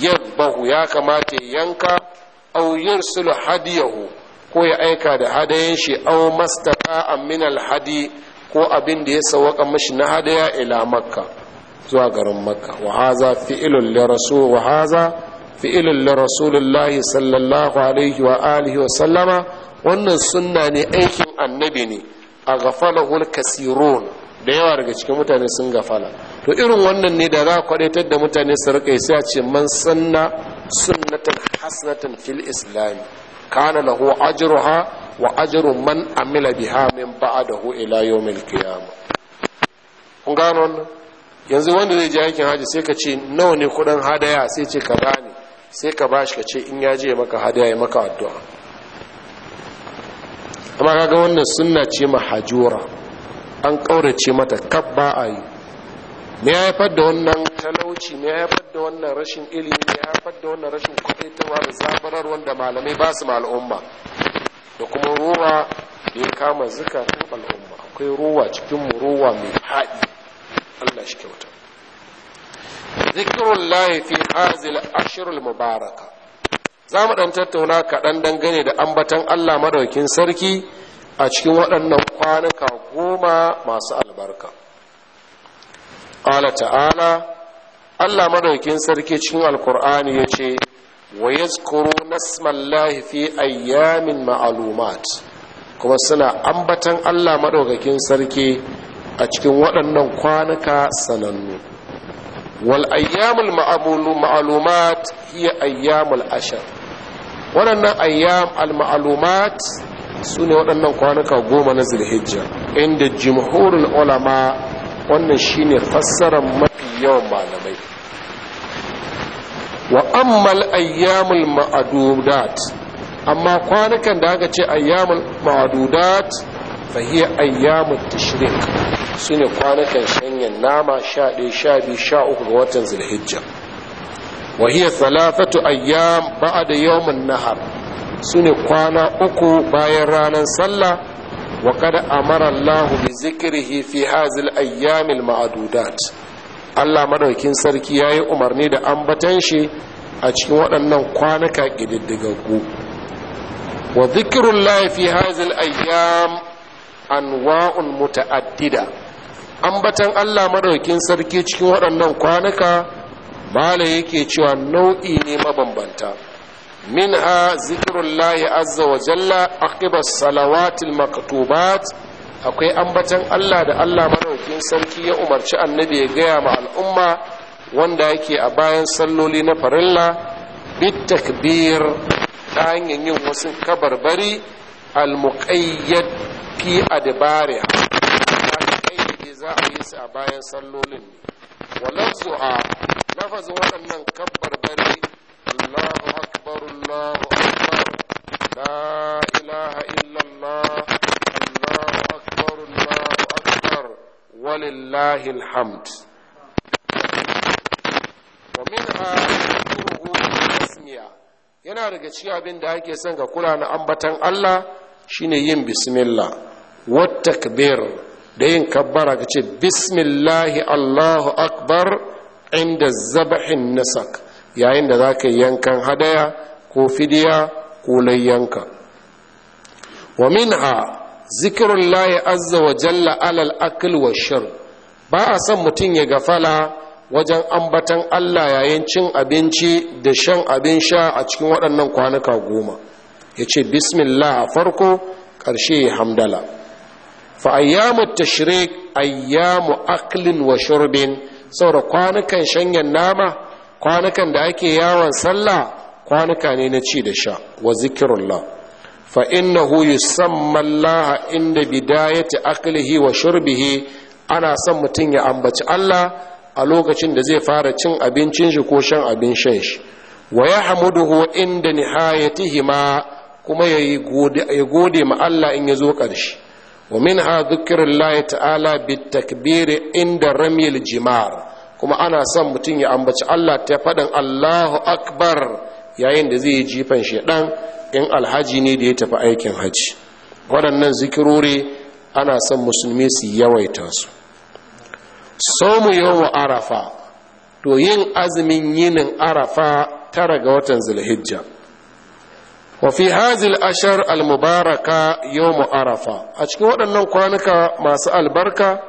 yabbahu ya kamata yanka aw yursilu hadiyahu ko ya aika da hadayen shi Au Mastafa min alhadi ko abin da ya sawaka mashi na hadaya ila makka zuwa garin makka wa haza fi'lun li rasul wa haza fi'lun li rasulillahi sallallahu alaihi wa alihi wa sallama wannan sunna ne aikin annabi ne a ghafalahu al da yawa daga cikin mutane sun gafala to irin wannan ne da za a da mutane su rika sai a ce man sanna sunnatan hasanatan fil islam kana lahu ajruha wa ajru man amila biha min ba'dahu ila yawmil qiyamah kun gano yanzu wanda zai je aikin haji sai ka ce nawa ne kudin hadaya sai ce kaza ne sai ka bashi ka ce in ya je maka hadaya ya maka addu'a amma kaga wannan sunna ce mahajura an kaurace mata kabba a yi me ya haifar da wannan talauci me ya haifar da wannan rashin ilimi me ya haifar da wannan rashin kwaitarwa da zabarar wanda malamai ba su al'umma da kuma ruwa da ya kama zukatan al'umma akwai ruwa cikin ruwa mai haɗi Allah shi kyauta zikirun lahi fi hazil ashirul mubaraka za mu ɗan tattauna kaɗan dangane da ambatan Allah maɗaukin sarki a cikin waɗannan kwanuka goma masu albarka ƙala ta'ala allah madaukin sarki cikin alkur'ani ya ce wa yazkuru nasmallahi fi ayyamin ma'alumat kuma suna ambatan allah madaukakin sarki a cikin waɗannan kwanuka sanannu wal ayyamul ma'alumat hiya ayyamul ashar waɗannan ayyam al ma'alumat su ne waɗannan kwanuka goma na zulhijja inda jimhurin ulama wannan shi ne fassarar mafi yawan malamai wa ammal ayyamul ma'adudat amma kwanukan da aka ce ayyamul ma'adudat fahiyar ayyamul tashrik ne kwanakan shanyan nama sha ɗaya sha biyu sha uku ga watan zulhijja وهي ثلاثة أيام بعد يوم su sune kwana uku bayan ranar Sallah? wa Amarallahu amara Allah bi zikrihi fi hazil ayyamil ma'dudat Allah madaukin sarki yayi umarni da ambatan shi a cikin waɗannan kwanaka ƙididdigaggu wa zikirun fi hazil ayyam anwa'un muta'addida ambatan Allah madaukin sarki cikin waɗannan kwanaka mala yake cewa nau'i ne mabambanta منها ذكر الله عز وجل عقب الصلوات المكتوبات akwai ambatan Allah da Allah madaukin sarki ya umarci annabi ya gaya ma al'umma wanda yake a bayan salloli na farilla bit takbir ta hanyar yin wasu kabarbari al-muqayyad fi adbariha za a yi su a bayan sallolin walau su'a lafazin waɗannan kabarbari الله أكبر الله أكبر لا إله إلا الله الله أكبر الله أكبر ولله الحمد ومنها ذكره التسمية yana daga cikin abin da ake son ga kula na ambatan Allah shine yin bismillah wat takbir da yin kabbara ka ce bismillahi Allahu akbar inda zabahin nasak yayin da za ka yi yankan hadaya ko fidiya ko layyanka wa min minha zikirun laye azza wa jalla alal akil wa shir ba a son mutum ya gafala wajen ambatan allah yayin cin abinci da shan abin sha a cikin waɗannan kwanuka goma ya ce bismillah a farko ƙarshe ya hamdala fa ayyamu tashrik ayyamu aklin wa shurbin saboda kwanukan shanyan nama kwanukan da ake yawon sallah kwanuka ne na ci da sha wa zikirullah fa innahu san Allah inda bidayati aklihi wa shurbihi ana son mutum ya ambaci Allah a lokacin da zai fara cin abincin shi ko shan abin shan shi wa huwa inda nihayatihi ma kuma ya gode ma Allah in ya zo ƙarshe wa min ha zikirin ta'ala bi takbiri inda ramil jimar kuma ana son mutum ya ambaci Allah ta faɗin Allahu akbar yayin da zai jifan shaɗan in alhaji ne da ya tafi aikin haji waɗannan zikirori ana son musulmi su yawaita su yau wa arafa to yin azumin yinin arafa tara ga watan zulhijja wafi hazil ashar almubaraka yau arafa a cikin waɗannan kwanuka masu albarka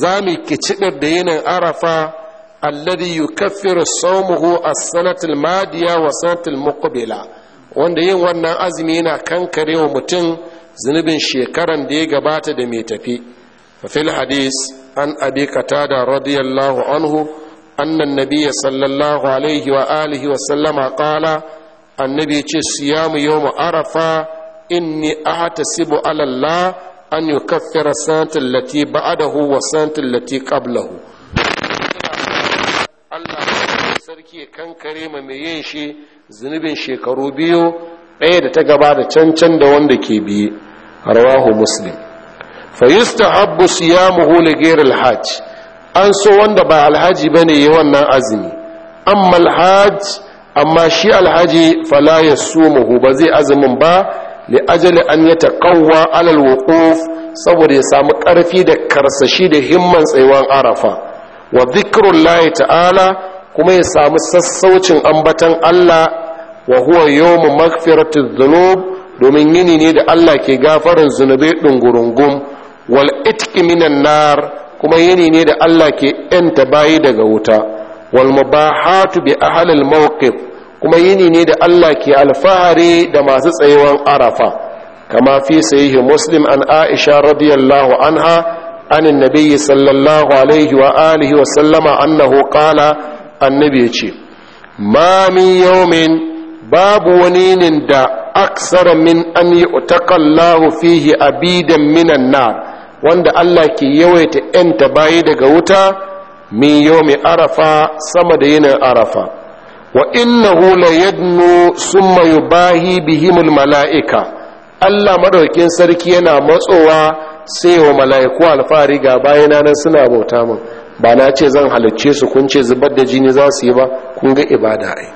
za mu kicidar da yinin arafa alladhi yukaffiru sawmuhu as-sanatil madiya wa sanatil muqbila wanda yin wannan azumi yana kankare wa mutum zunubin shekaran da ya gabata da mai tafi fil hadis an abi qatada radiyallahu anhu anna an-nabiy sallallahu alaihi wa alihi wa sallama qala annabi ya ce siyamu yawm arafa inni ahtasibu ala allah an yukaffira sanatil lati ba'dahu wa sanatil lati qablahu Allah sarki ya kankare ma mai yin shi zunubin shekaru biyu ɗaya da ta gaba da cancan da wanda ke biye rawahu muslim fa yustahabbu siyamuhu li ghayr al an so wanda ba alhaji bane yi wannan azumi amma alhajj amma shi alhaji fala yasumuhu ba zai azumin ba li ajali an yataqawwa ala al saboda ya samu ƙarfi da karsashi da himman tsayuwan arafa wa layi ta'ala kuma ya samu sassaucin ambatan Allah wa huwa mu makfiratu zunub domin yini ne da Allah ke gafarin zunubai ɗungurungun. wal itki minan nar kuma yini ne da Allah ke yanta bayi daga wuta wal mubahatu bi a halin mawqif kuma yini ne da Allah ke alfahari da masu tsayuwan arafa kama fi sahihi muslim an aisha radiyallahu anha عن النبي صلى الله عليه وآله وسلم أنه قال النبي يقول ما من يوم باب ونين دا أكثر من أن يؤتق الله فيه أبيدا من النار wanda Allah ke yawaita ‘yanta bayi daga wuta min yomi arafa sama da yinin arafa wa innahu la yadnu summa yubahi bihimul mala'ika Allah madaukin sarki yana matsowa sai wa mala'iku alfahari ga bayana nan suna bauta min ba na ce zan halicce su kun ce zubar da jini za su yi ba kun ga ibada ai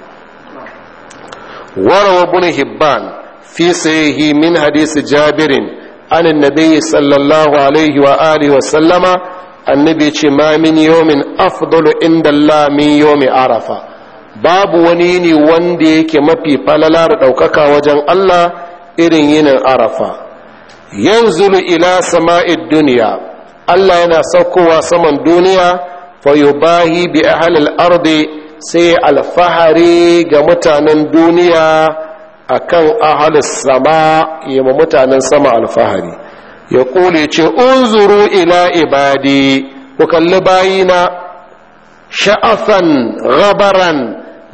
warawa bin hibban fi yi min hadisi jabirin an annabi sallallahu alaihi wa alihi wa sallama annabi ce ma min yomin afdalu inda Allah min arafa babu wani ne wanda yake mafi falala da daukaka wajen Allah irin yinin arafa yanzulu ila sama'id duniya Allah yana saukowa saman duniya fayubahi bi ahlil ardi sai alfahari ga mutanen duniya akan ahalis sama ma mutanen sama alfahari ya kule ce unzuru ila ibadi ku kalli bayina sha'afan rabaran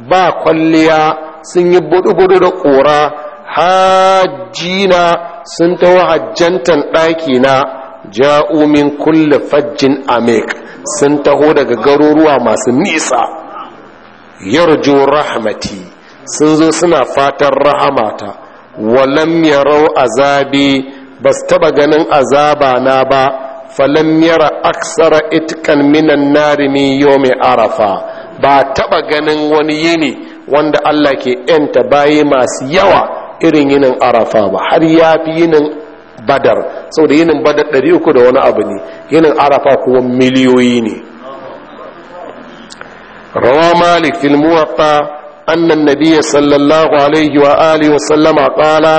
ba kwalliya sun yi budu-budu da ƙura hajjina sun taho hajjantan ɗaki na ja'umin kulle fajjin amek sun taho daga garuruwa masu nisa Yarjo rahmati sun zo suna fatan rahamata walam yarau azabi ba su taba ganin azaba na ba falam yara aksara itkan minan narimi yau yomi arafa ba taba ganin wani yini wanda Allah ke yanta bayi masu yawa irin yinin arafa ba har ya fi yinin badar sau da yinin badar 300 da wani abu ne yinin arafa kuwa miliyoyi ne rawa malik fil annan nabiya sallallahu alaihi wa alihi wasallama kala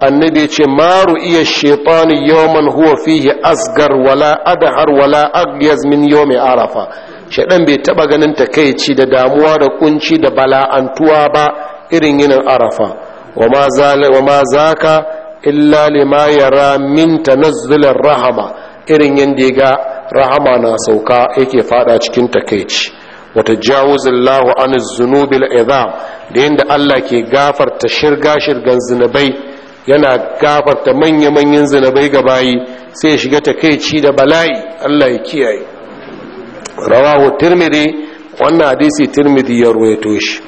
annabi ce maru iya shaitani yawman huwa fiye asgar wala adahar wala agyaz min yawmi arafa shaɗan bai taɓa ganin takaici da damuwa da kunci da bala'antuwa ba irin yinin arafa wa za ka illa lima yara min tanazzular rahama irin yadda ya ga rahama na sauka yake fada cikin takaici wata jawuzillahu an zunubil izam da yadda Allah ke gafarta shirga-shirgan zunubai yana gafarta manya-manyan zunubai ga bayi sai shiga takaici da bala'i Allah ya kiyaye rawahu tirmidhi wannan hadisi tirmidhi ya ruwaito shi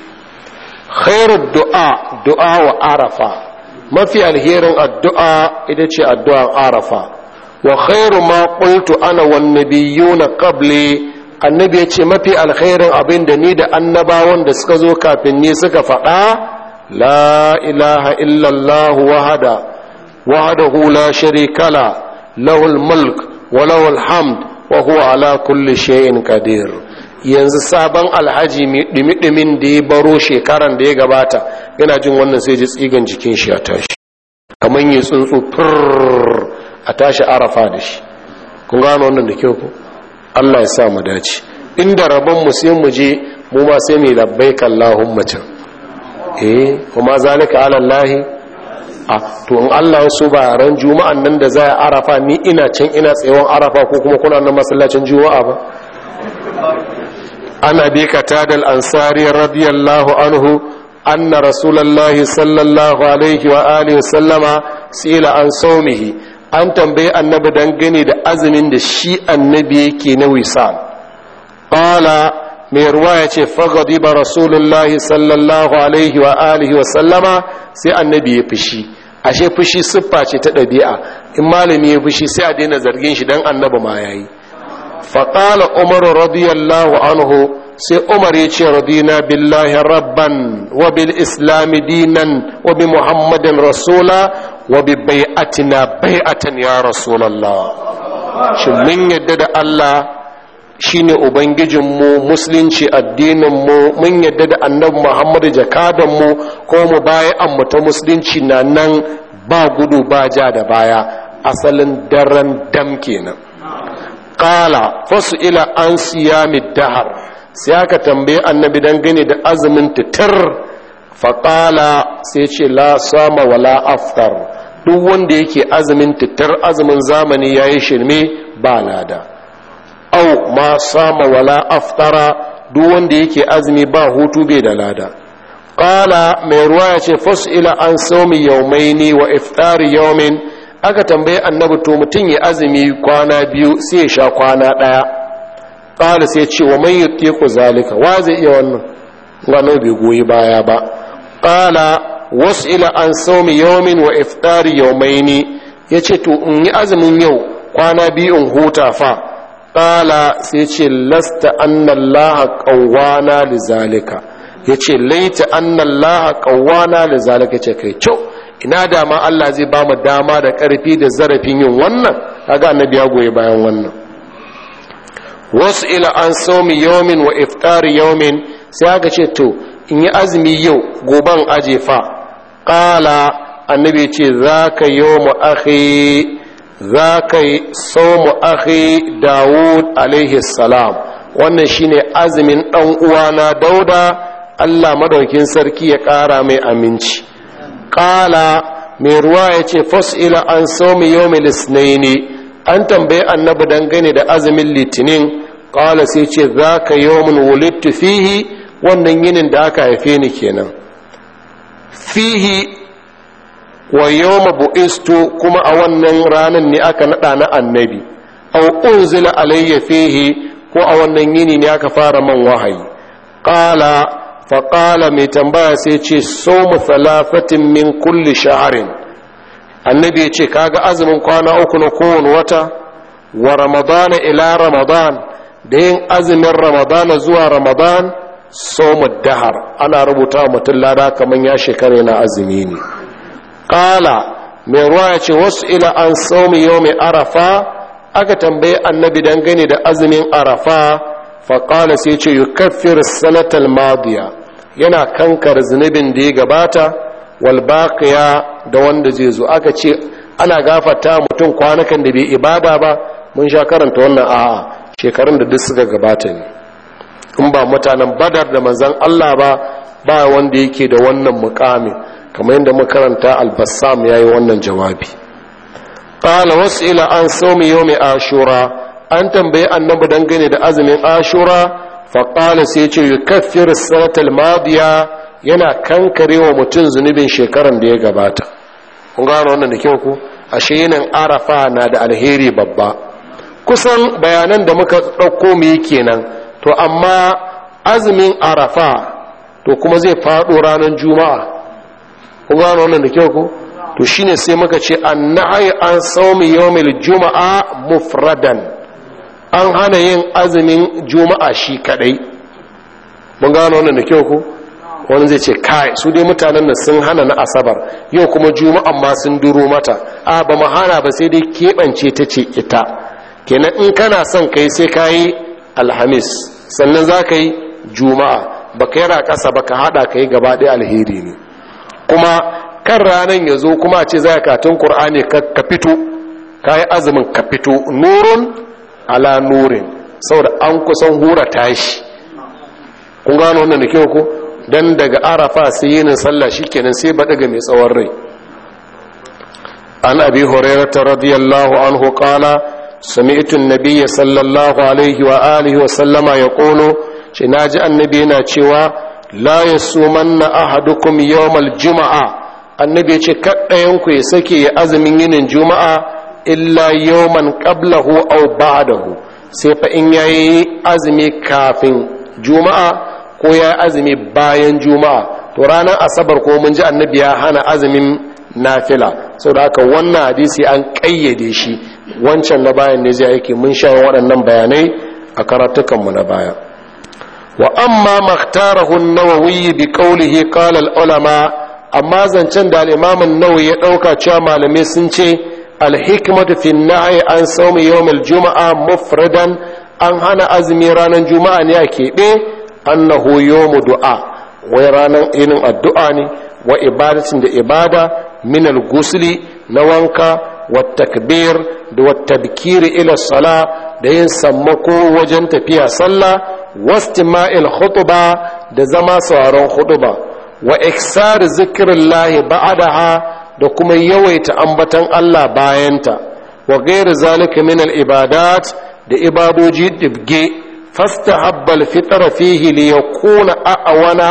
khairu du'a du'a wa arafa mafi alherin addu'a ita ce addu'an arafa wa khairu ma qultu ana wan nabiyuna qabli annabi ya ce mafi alherin abin da ni da annabawan da suka zo kafin ni suka faɗa la ilaha illallah wahada wahadahu la sharika la lahul mulk wa lahul hamd wa huwa ala kulli shay'in qadir yanzu sabon alhaji mai dumi da ya baro shekaran da ya gabata yana jin wannan sai ji tsigan jikin shi a tashi kamar yi tsuntsu turr a tashi arafa da shi kun gano wannan da kyau ku allah ya sa mu dace inda rabon mu sai mu je mu ma sai mai labbai kallahun macin eh kuma zalika alallahi a to in allah so ba ran juma'an nan da za a arafa ni ina can ina tsayawan arafa ko kuma kuna nan masallacin juma'a ba an abi qatada al-ansari radiyallahu anhu anna rasulullahi sallallahu alaihi wa alihi sallama sila an saumihi an tambayi annabi gani da azumin da shi annabi yake na wisan qala mai ruwa ya ce fagadiba rasulullahi sallallahu alaihi wa alihi wa sallama sai annabi ya fushi ashe fushi siffa ce ta ɗabi'a in malami ya fushi sai a daina zargin shi don annabi ma yayi faƙala umaru radiyallahu anhu sai umar ya ce رضينا بالله rabban wa دينا وبمحمد dinan وببيعتنا bi يا رسول الله bi من يدد ya shi mun yadda da allah shine ubangijinmu musulunci addininmu mun yadda da annabi muhammadu mu, ko mu baya mu ta musulunci na nan ba gudu ba ja da baya asalin daren dam kenan qala ila an siyamid dahar sai aka tambaye annabi dangane da azumin titir faƙala sai ce la sama wala aftar duk wanda yake azumin titar azumin zamani ya yi shirme ba lada au ma sama wala aftara duk wanda yake azumi ba hutu bai da lada ƙala mai ruwa ya ce fasu ila an saumi yaumaini wa iftari yaumin aka tambaye annabi to mutum ya azumi kwana biyu sai ya sha kwana ɗaya qala sai ya ce wa man yutiqu zalika wa zai iya wannan gano bai goyi baya ba qala wasu ila an sawmi yawmin wa iftari yawmaini yace to in yi azumin yau kwana biyu in huta fa qala sai ya ce lasta annallaha qawwana lizalika yace laita annallaha qawwana lizalika ce kai cewa ina dama Allah zai ba mu dama da ƙarfi da zarafin yin wannan kaga annabi ya goyi bayan wannan wasu ila an saumi yawmin wa iftari yawmin sai aka ce to in yi azumi yau goban aje fa kala annabi ce zaka yawmu akhi yi saumu akhi Dawud alaihi salam wannan shine azumin ɗan uwana dauda Allah madaukin sarki ya ƙara mai aminci ƙala mai ruwa ya ce fas'ila an saumi yau ne an tambayi annabi dangane da azumin litinin ƙala sai ce za ka yawon wulittu fihi wannan yinin da aka haife ni kenan fihi wa yawma bu'istu kuma a wannan ranar ne aka naɗa na annabi au unzila alayya fihi ko a wannan yini ne aka fara man wahayi ƙala. faƙala mai tambaya sai ce so mu salafatin min kulli sha'arin annabi ya ce kaga azumin kwana uku na kowane wata wa ramadana ila ramadan da yin azumin ramadana zuwa ramadan so mu dahar ana rubuta mutum lada kamar ya shekara na azumi ne ƙala mai ruwa ya ce wasu ila an saumi yau mai arafa aka tambaye annabi dangane da azumin arafa faƙala sai ce yi kafir sanatar madiya yana kankar zunubin da ya gabata wal baqiya da wanda zai zo aka ce ana gafarta mutum kwanakan da bai ibada ba mun sha karanta wannan a'a shekarun da duk suka gabata ne in ba mutanen badar da manzan Allah ba ba wanda yake da wannan mukami kamar yadda makaranta albassam ya yi wannan jawabi ƙala wasu ila an saumi yau mai ashura an tambayi annabi dangane da azumin ashura faƙala sai ce yi kafir sanatar madiya yana kankare wa mutum zunubin shekaran da ya gabata kun gano wannan da kyau ku ashe yinin arafa na da alheri babba kusan bayanan da muka ɗauko mu yi kenan to amma azumin arafa to kuma zai faɗo ranar juma'a kun gano wannan da kyau ku to shine sai muka ce an na'ayi an saumi yawmil juma'a mufradan an hana yin azumin juma'a shi kadai mun gano wannan da kyau ko wani zai ce kai su dai mutanen nan sun hana na asabar yau kuma juma'an ma sun duro mata a ba mu hana ba sai dai keɓance ta ce ita kenan in kana son kai sai ka yi alhamis sannan za ka yi juma'a ba ka yara ƙasa ba ka haɗa ka yi gaba ɗaya alheri ne kuma kan ranar ya zo kuma a ce za ka katin ƙur'ani ka fito ka yi azumin ka fito nurun ala nurin saboda an kusan hura tashi kun gano wannan da kyau ko dan daga arafa sai yin sallah shikenan sai ba daga mai tsawon rai an abi hurairata radhiyallahu anhu qala wa alihi wa sallama عليه وآله وسلم يقول شناج suman na لا يصومن أحدكم yawmal juma'a? annabi ce yanku ya sake azumin yinin juma'a illa yawman qablahu aw ba'dahu sai fa in yayi azumi kafin juma'a ko ya azumi bayan juma'a to ranar asabar ko mun ji annabi ya hana azumin nafila saboda haka wannan hadisi an kayyade shi wancan na bayan ne zai yake mun sha waɗannan bayanai a karatukan mu na baya wa amma maktarahu an-nawawi bi qawlihi qala al-ulama amma zancen da al-imam an-nawawi ya dauka cewa malamai sun ce alhikmatu fi na'i an saumi mil juma'a mufradan an hana azumi ranar juma'a ne a keɓe annahu yawmu du'a wai ranar yinin addu'a ne wa ibadatin da ibada min al-gusli na wanka wa takbir da wa tabkir ila sala da yin sammako wajen tafiya sallah wastima'il khutba da zama sauraron khutba wa iksar zikrillah ba'daha da kuma yawaita ambatan Allah bayanta wa gairu zalika min al-ibadat da ibadoji dibge fastahabbal fitra fihi li yakuna a'wana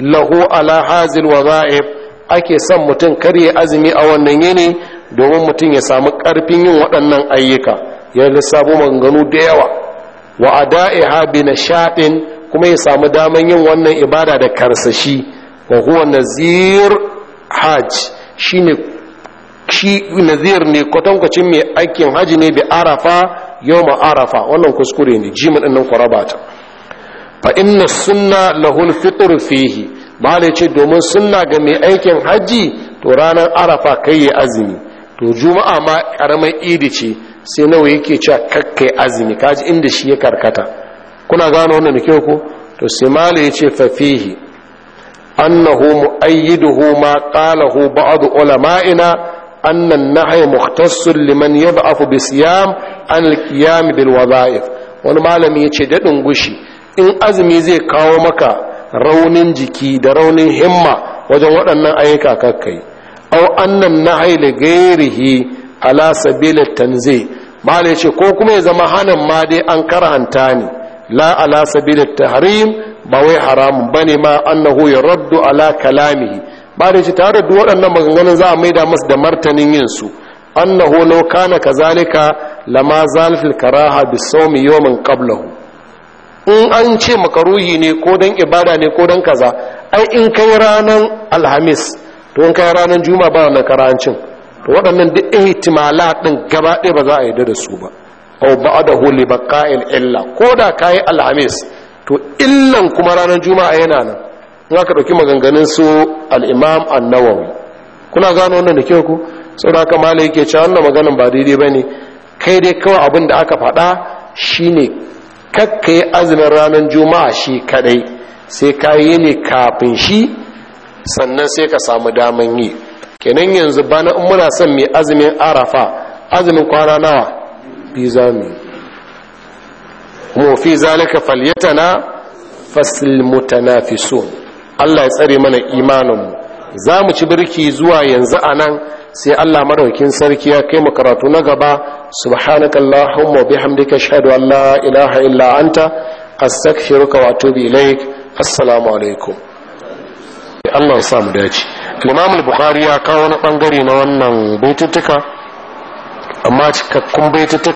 lahu ala hazil wadha'ib ake son mutum kare azumi a wannan yini domin mutum ya samu karfin yin waɗannan ayyuka ya lissabo maganganu da yawa wa ada'iha bi nashadin kuma ya samu daman yin wannan ibada da karsashi wa huwa nazir hajj shi ne shi nazir ne kwatankwacin mai aikin haji ne bi arafa yau ma arafa wannan kuskure ne jimin ɗinnan kwarabata fa inna sunna lahul fitur fihi ba ce domin sunna ga mai aikin haji to ranar arafa kai yi azumi to juma'a ma karamar idi ce sai nawa yake cewa kakkai azumi kaji inda shi ya karkata kuna gano wannan da kyau ko to sai mala ya ce fafihi annahu mu'ayyiduhu ma qalahu ba'd ulama'ina anna an-nahy mukhtassun liman yad'afu bi siyam an al-qiyam bil wadha'if wani malami yace daɗin gushi in azumi zai kawo maka raunin jiki da raunin himma wajen waɗannan ayyuka kakkai aw anna an-nahy li ghairihi ala sabil at-tanzih yace ko kuma ya zama hanan ma dai an karhanta ni, la ala sabil at-tahrim ba wai haramun bane ma annahu ya raddu ala kalamihi ba da shi tare da waɗannan maganganun za a da masu da martanin yin su annahu law kana kazalika lama zalfil karaha bi saumi yawmin qablahu in an ce makaruhi ne ko dan ibada ne ko dan kaza ai in kai ranan alhamis to in kai ranan juma ba wannan karancin to waɗannan duk ihtimala din gaba ɗaya ba za a yarda da su ba aw ba'dahu li baqa'il illa ko da kai alhamis to illan kuma ranar juma'a yana nan za ka ɗauki maganganun su al'imam annawawi kuna gano wannan da ke ku sau da aka mala yake cewa wannan maganin ba daidai ba ne kai dai kawai abin da aka faɗa shine kakka yi azumin ranar juma'a shi kaɗai, sai ka yi ne kafin shi sannan sai ka samu daman yi kenan yanzu bana in muna son mai azumin arafa azumin kwana nawa bi za mu yi kuma fi zalika falyatana fasil mutanafisun Allah ya tsare mana imaninmu za mu ci birki zuwa yanzu a nan sai Allah maraukin sarki ya kai mu karatu na gaba subhanakallahumma wa bihamdika ashhadu an la ilaha illa anta astaghfiruka wa atubu ilaik assalamu alaikum Allah ya sa mu dace Imam al-Bukhari ya kawo wani bangare na wannan baituttuka amma cikakkun baituttuka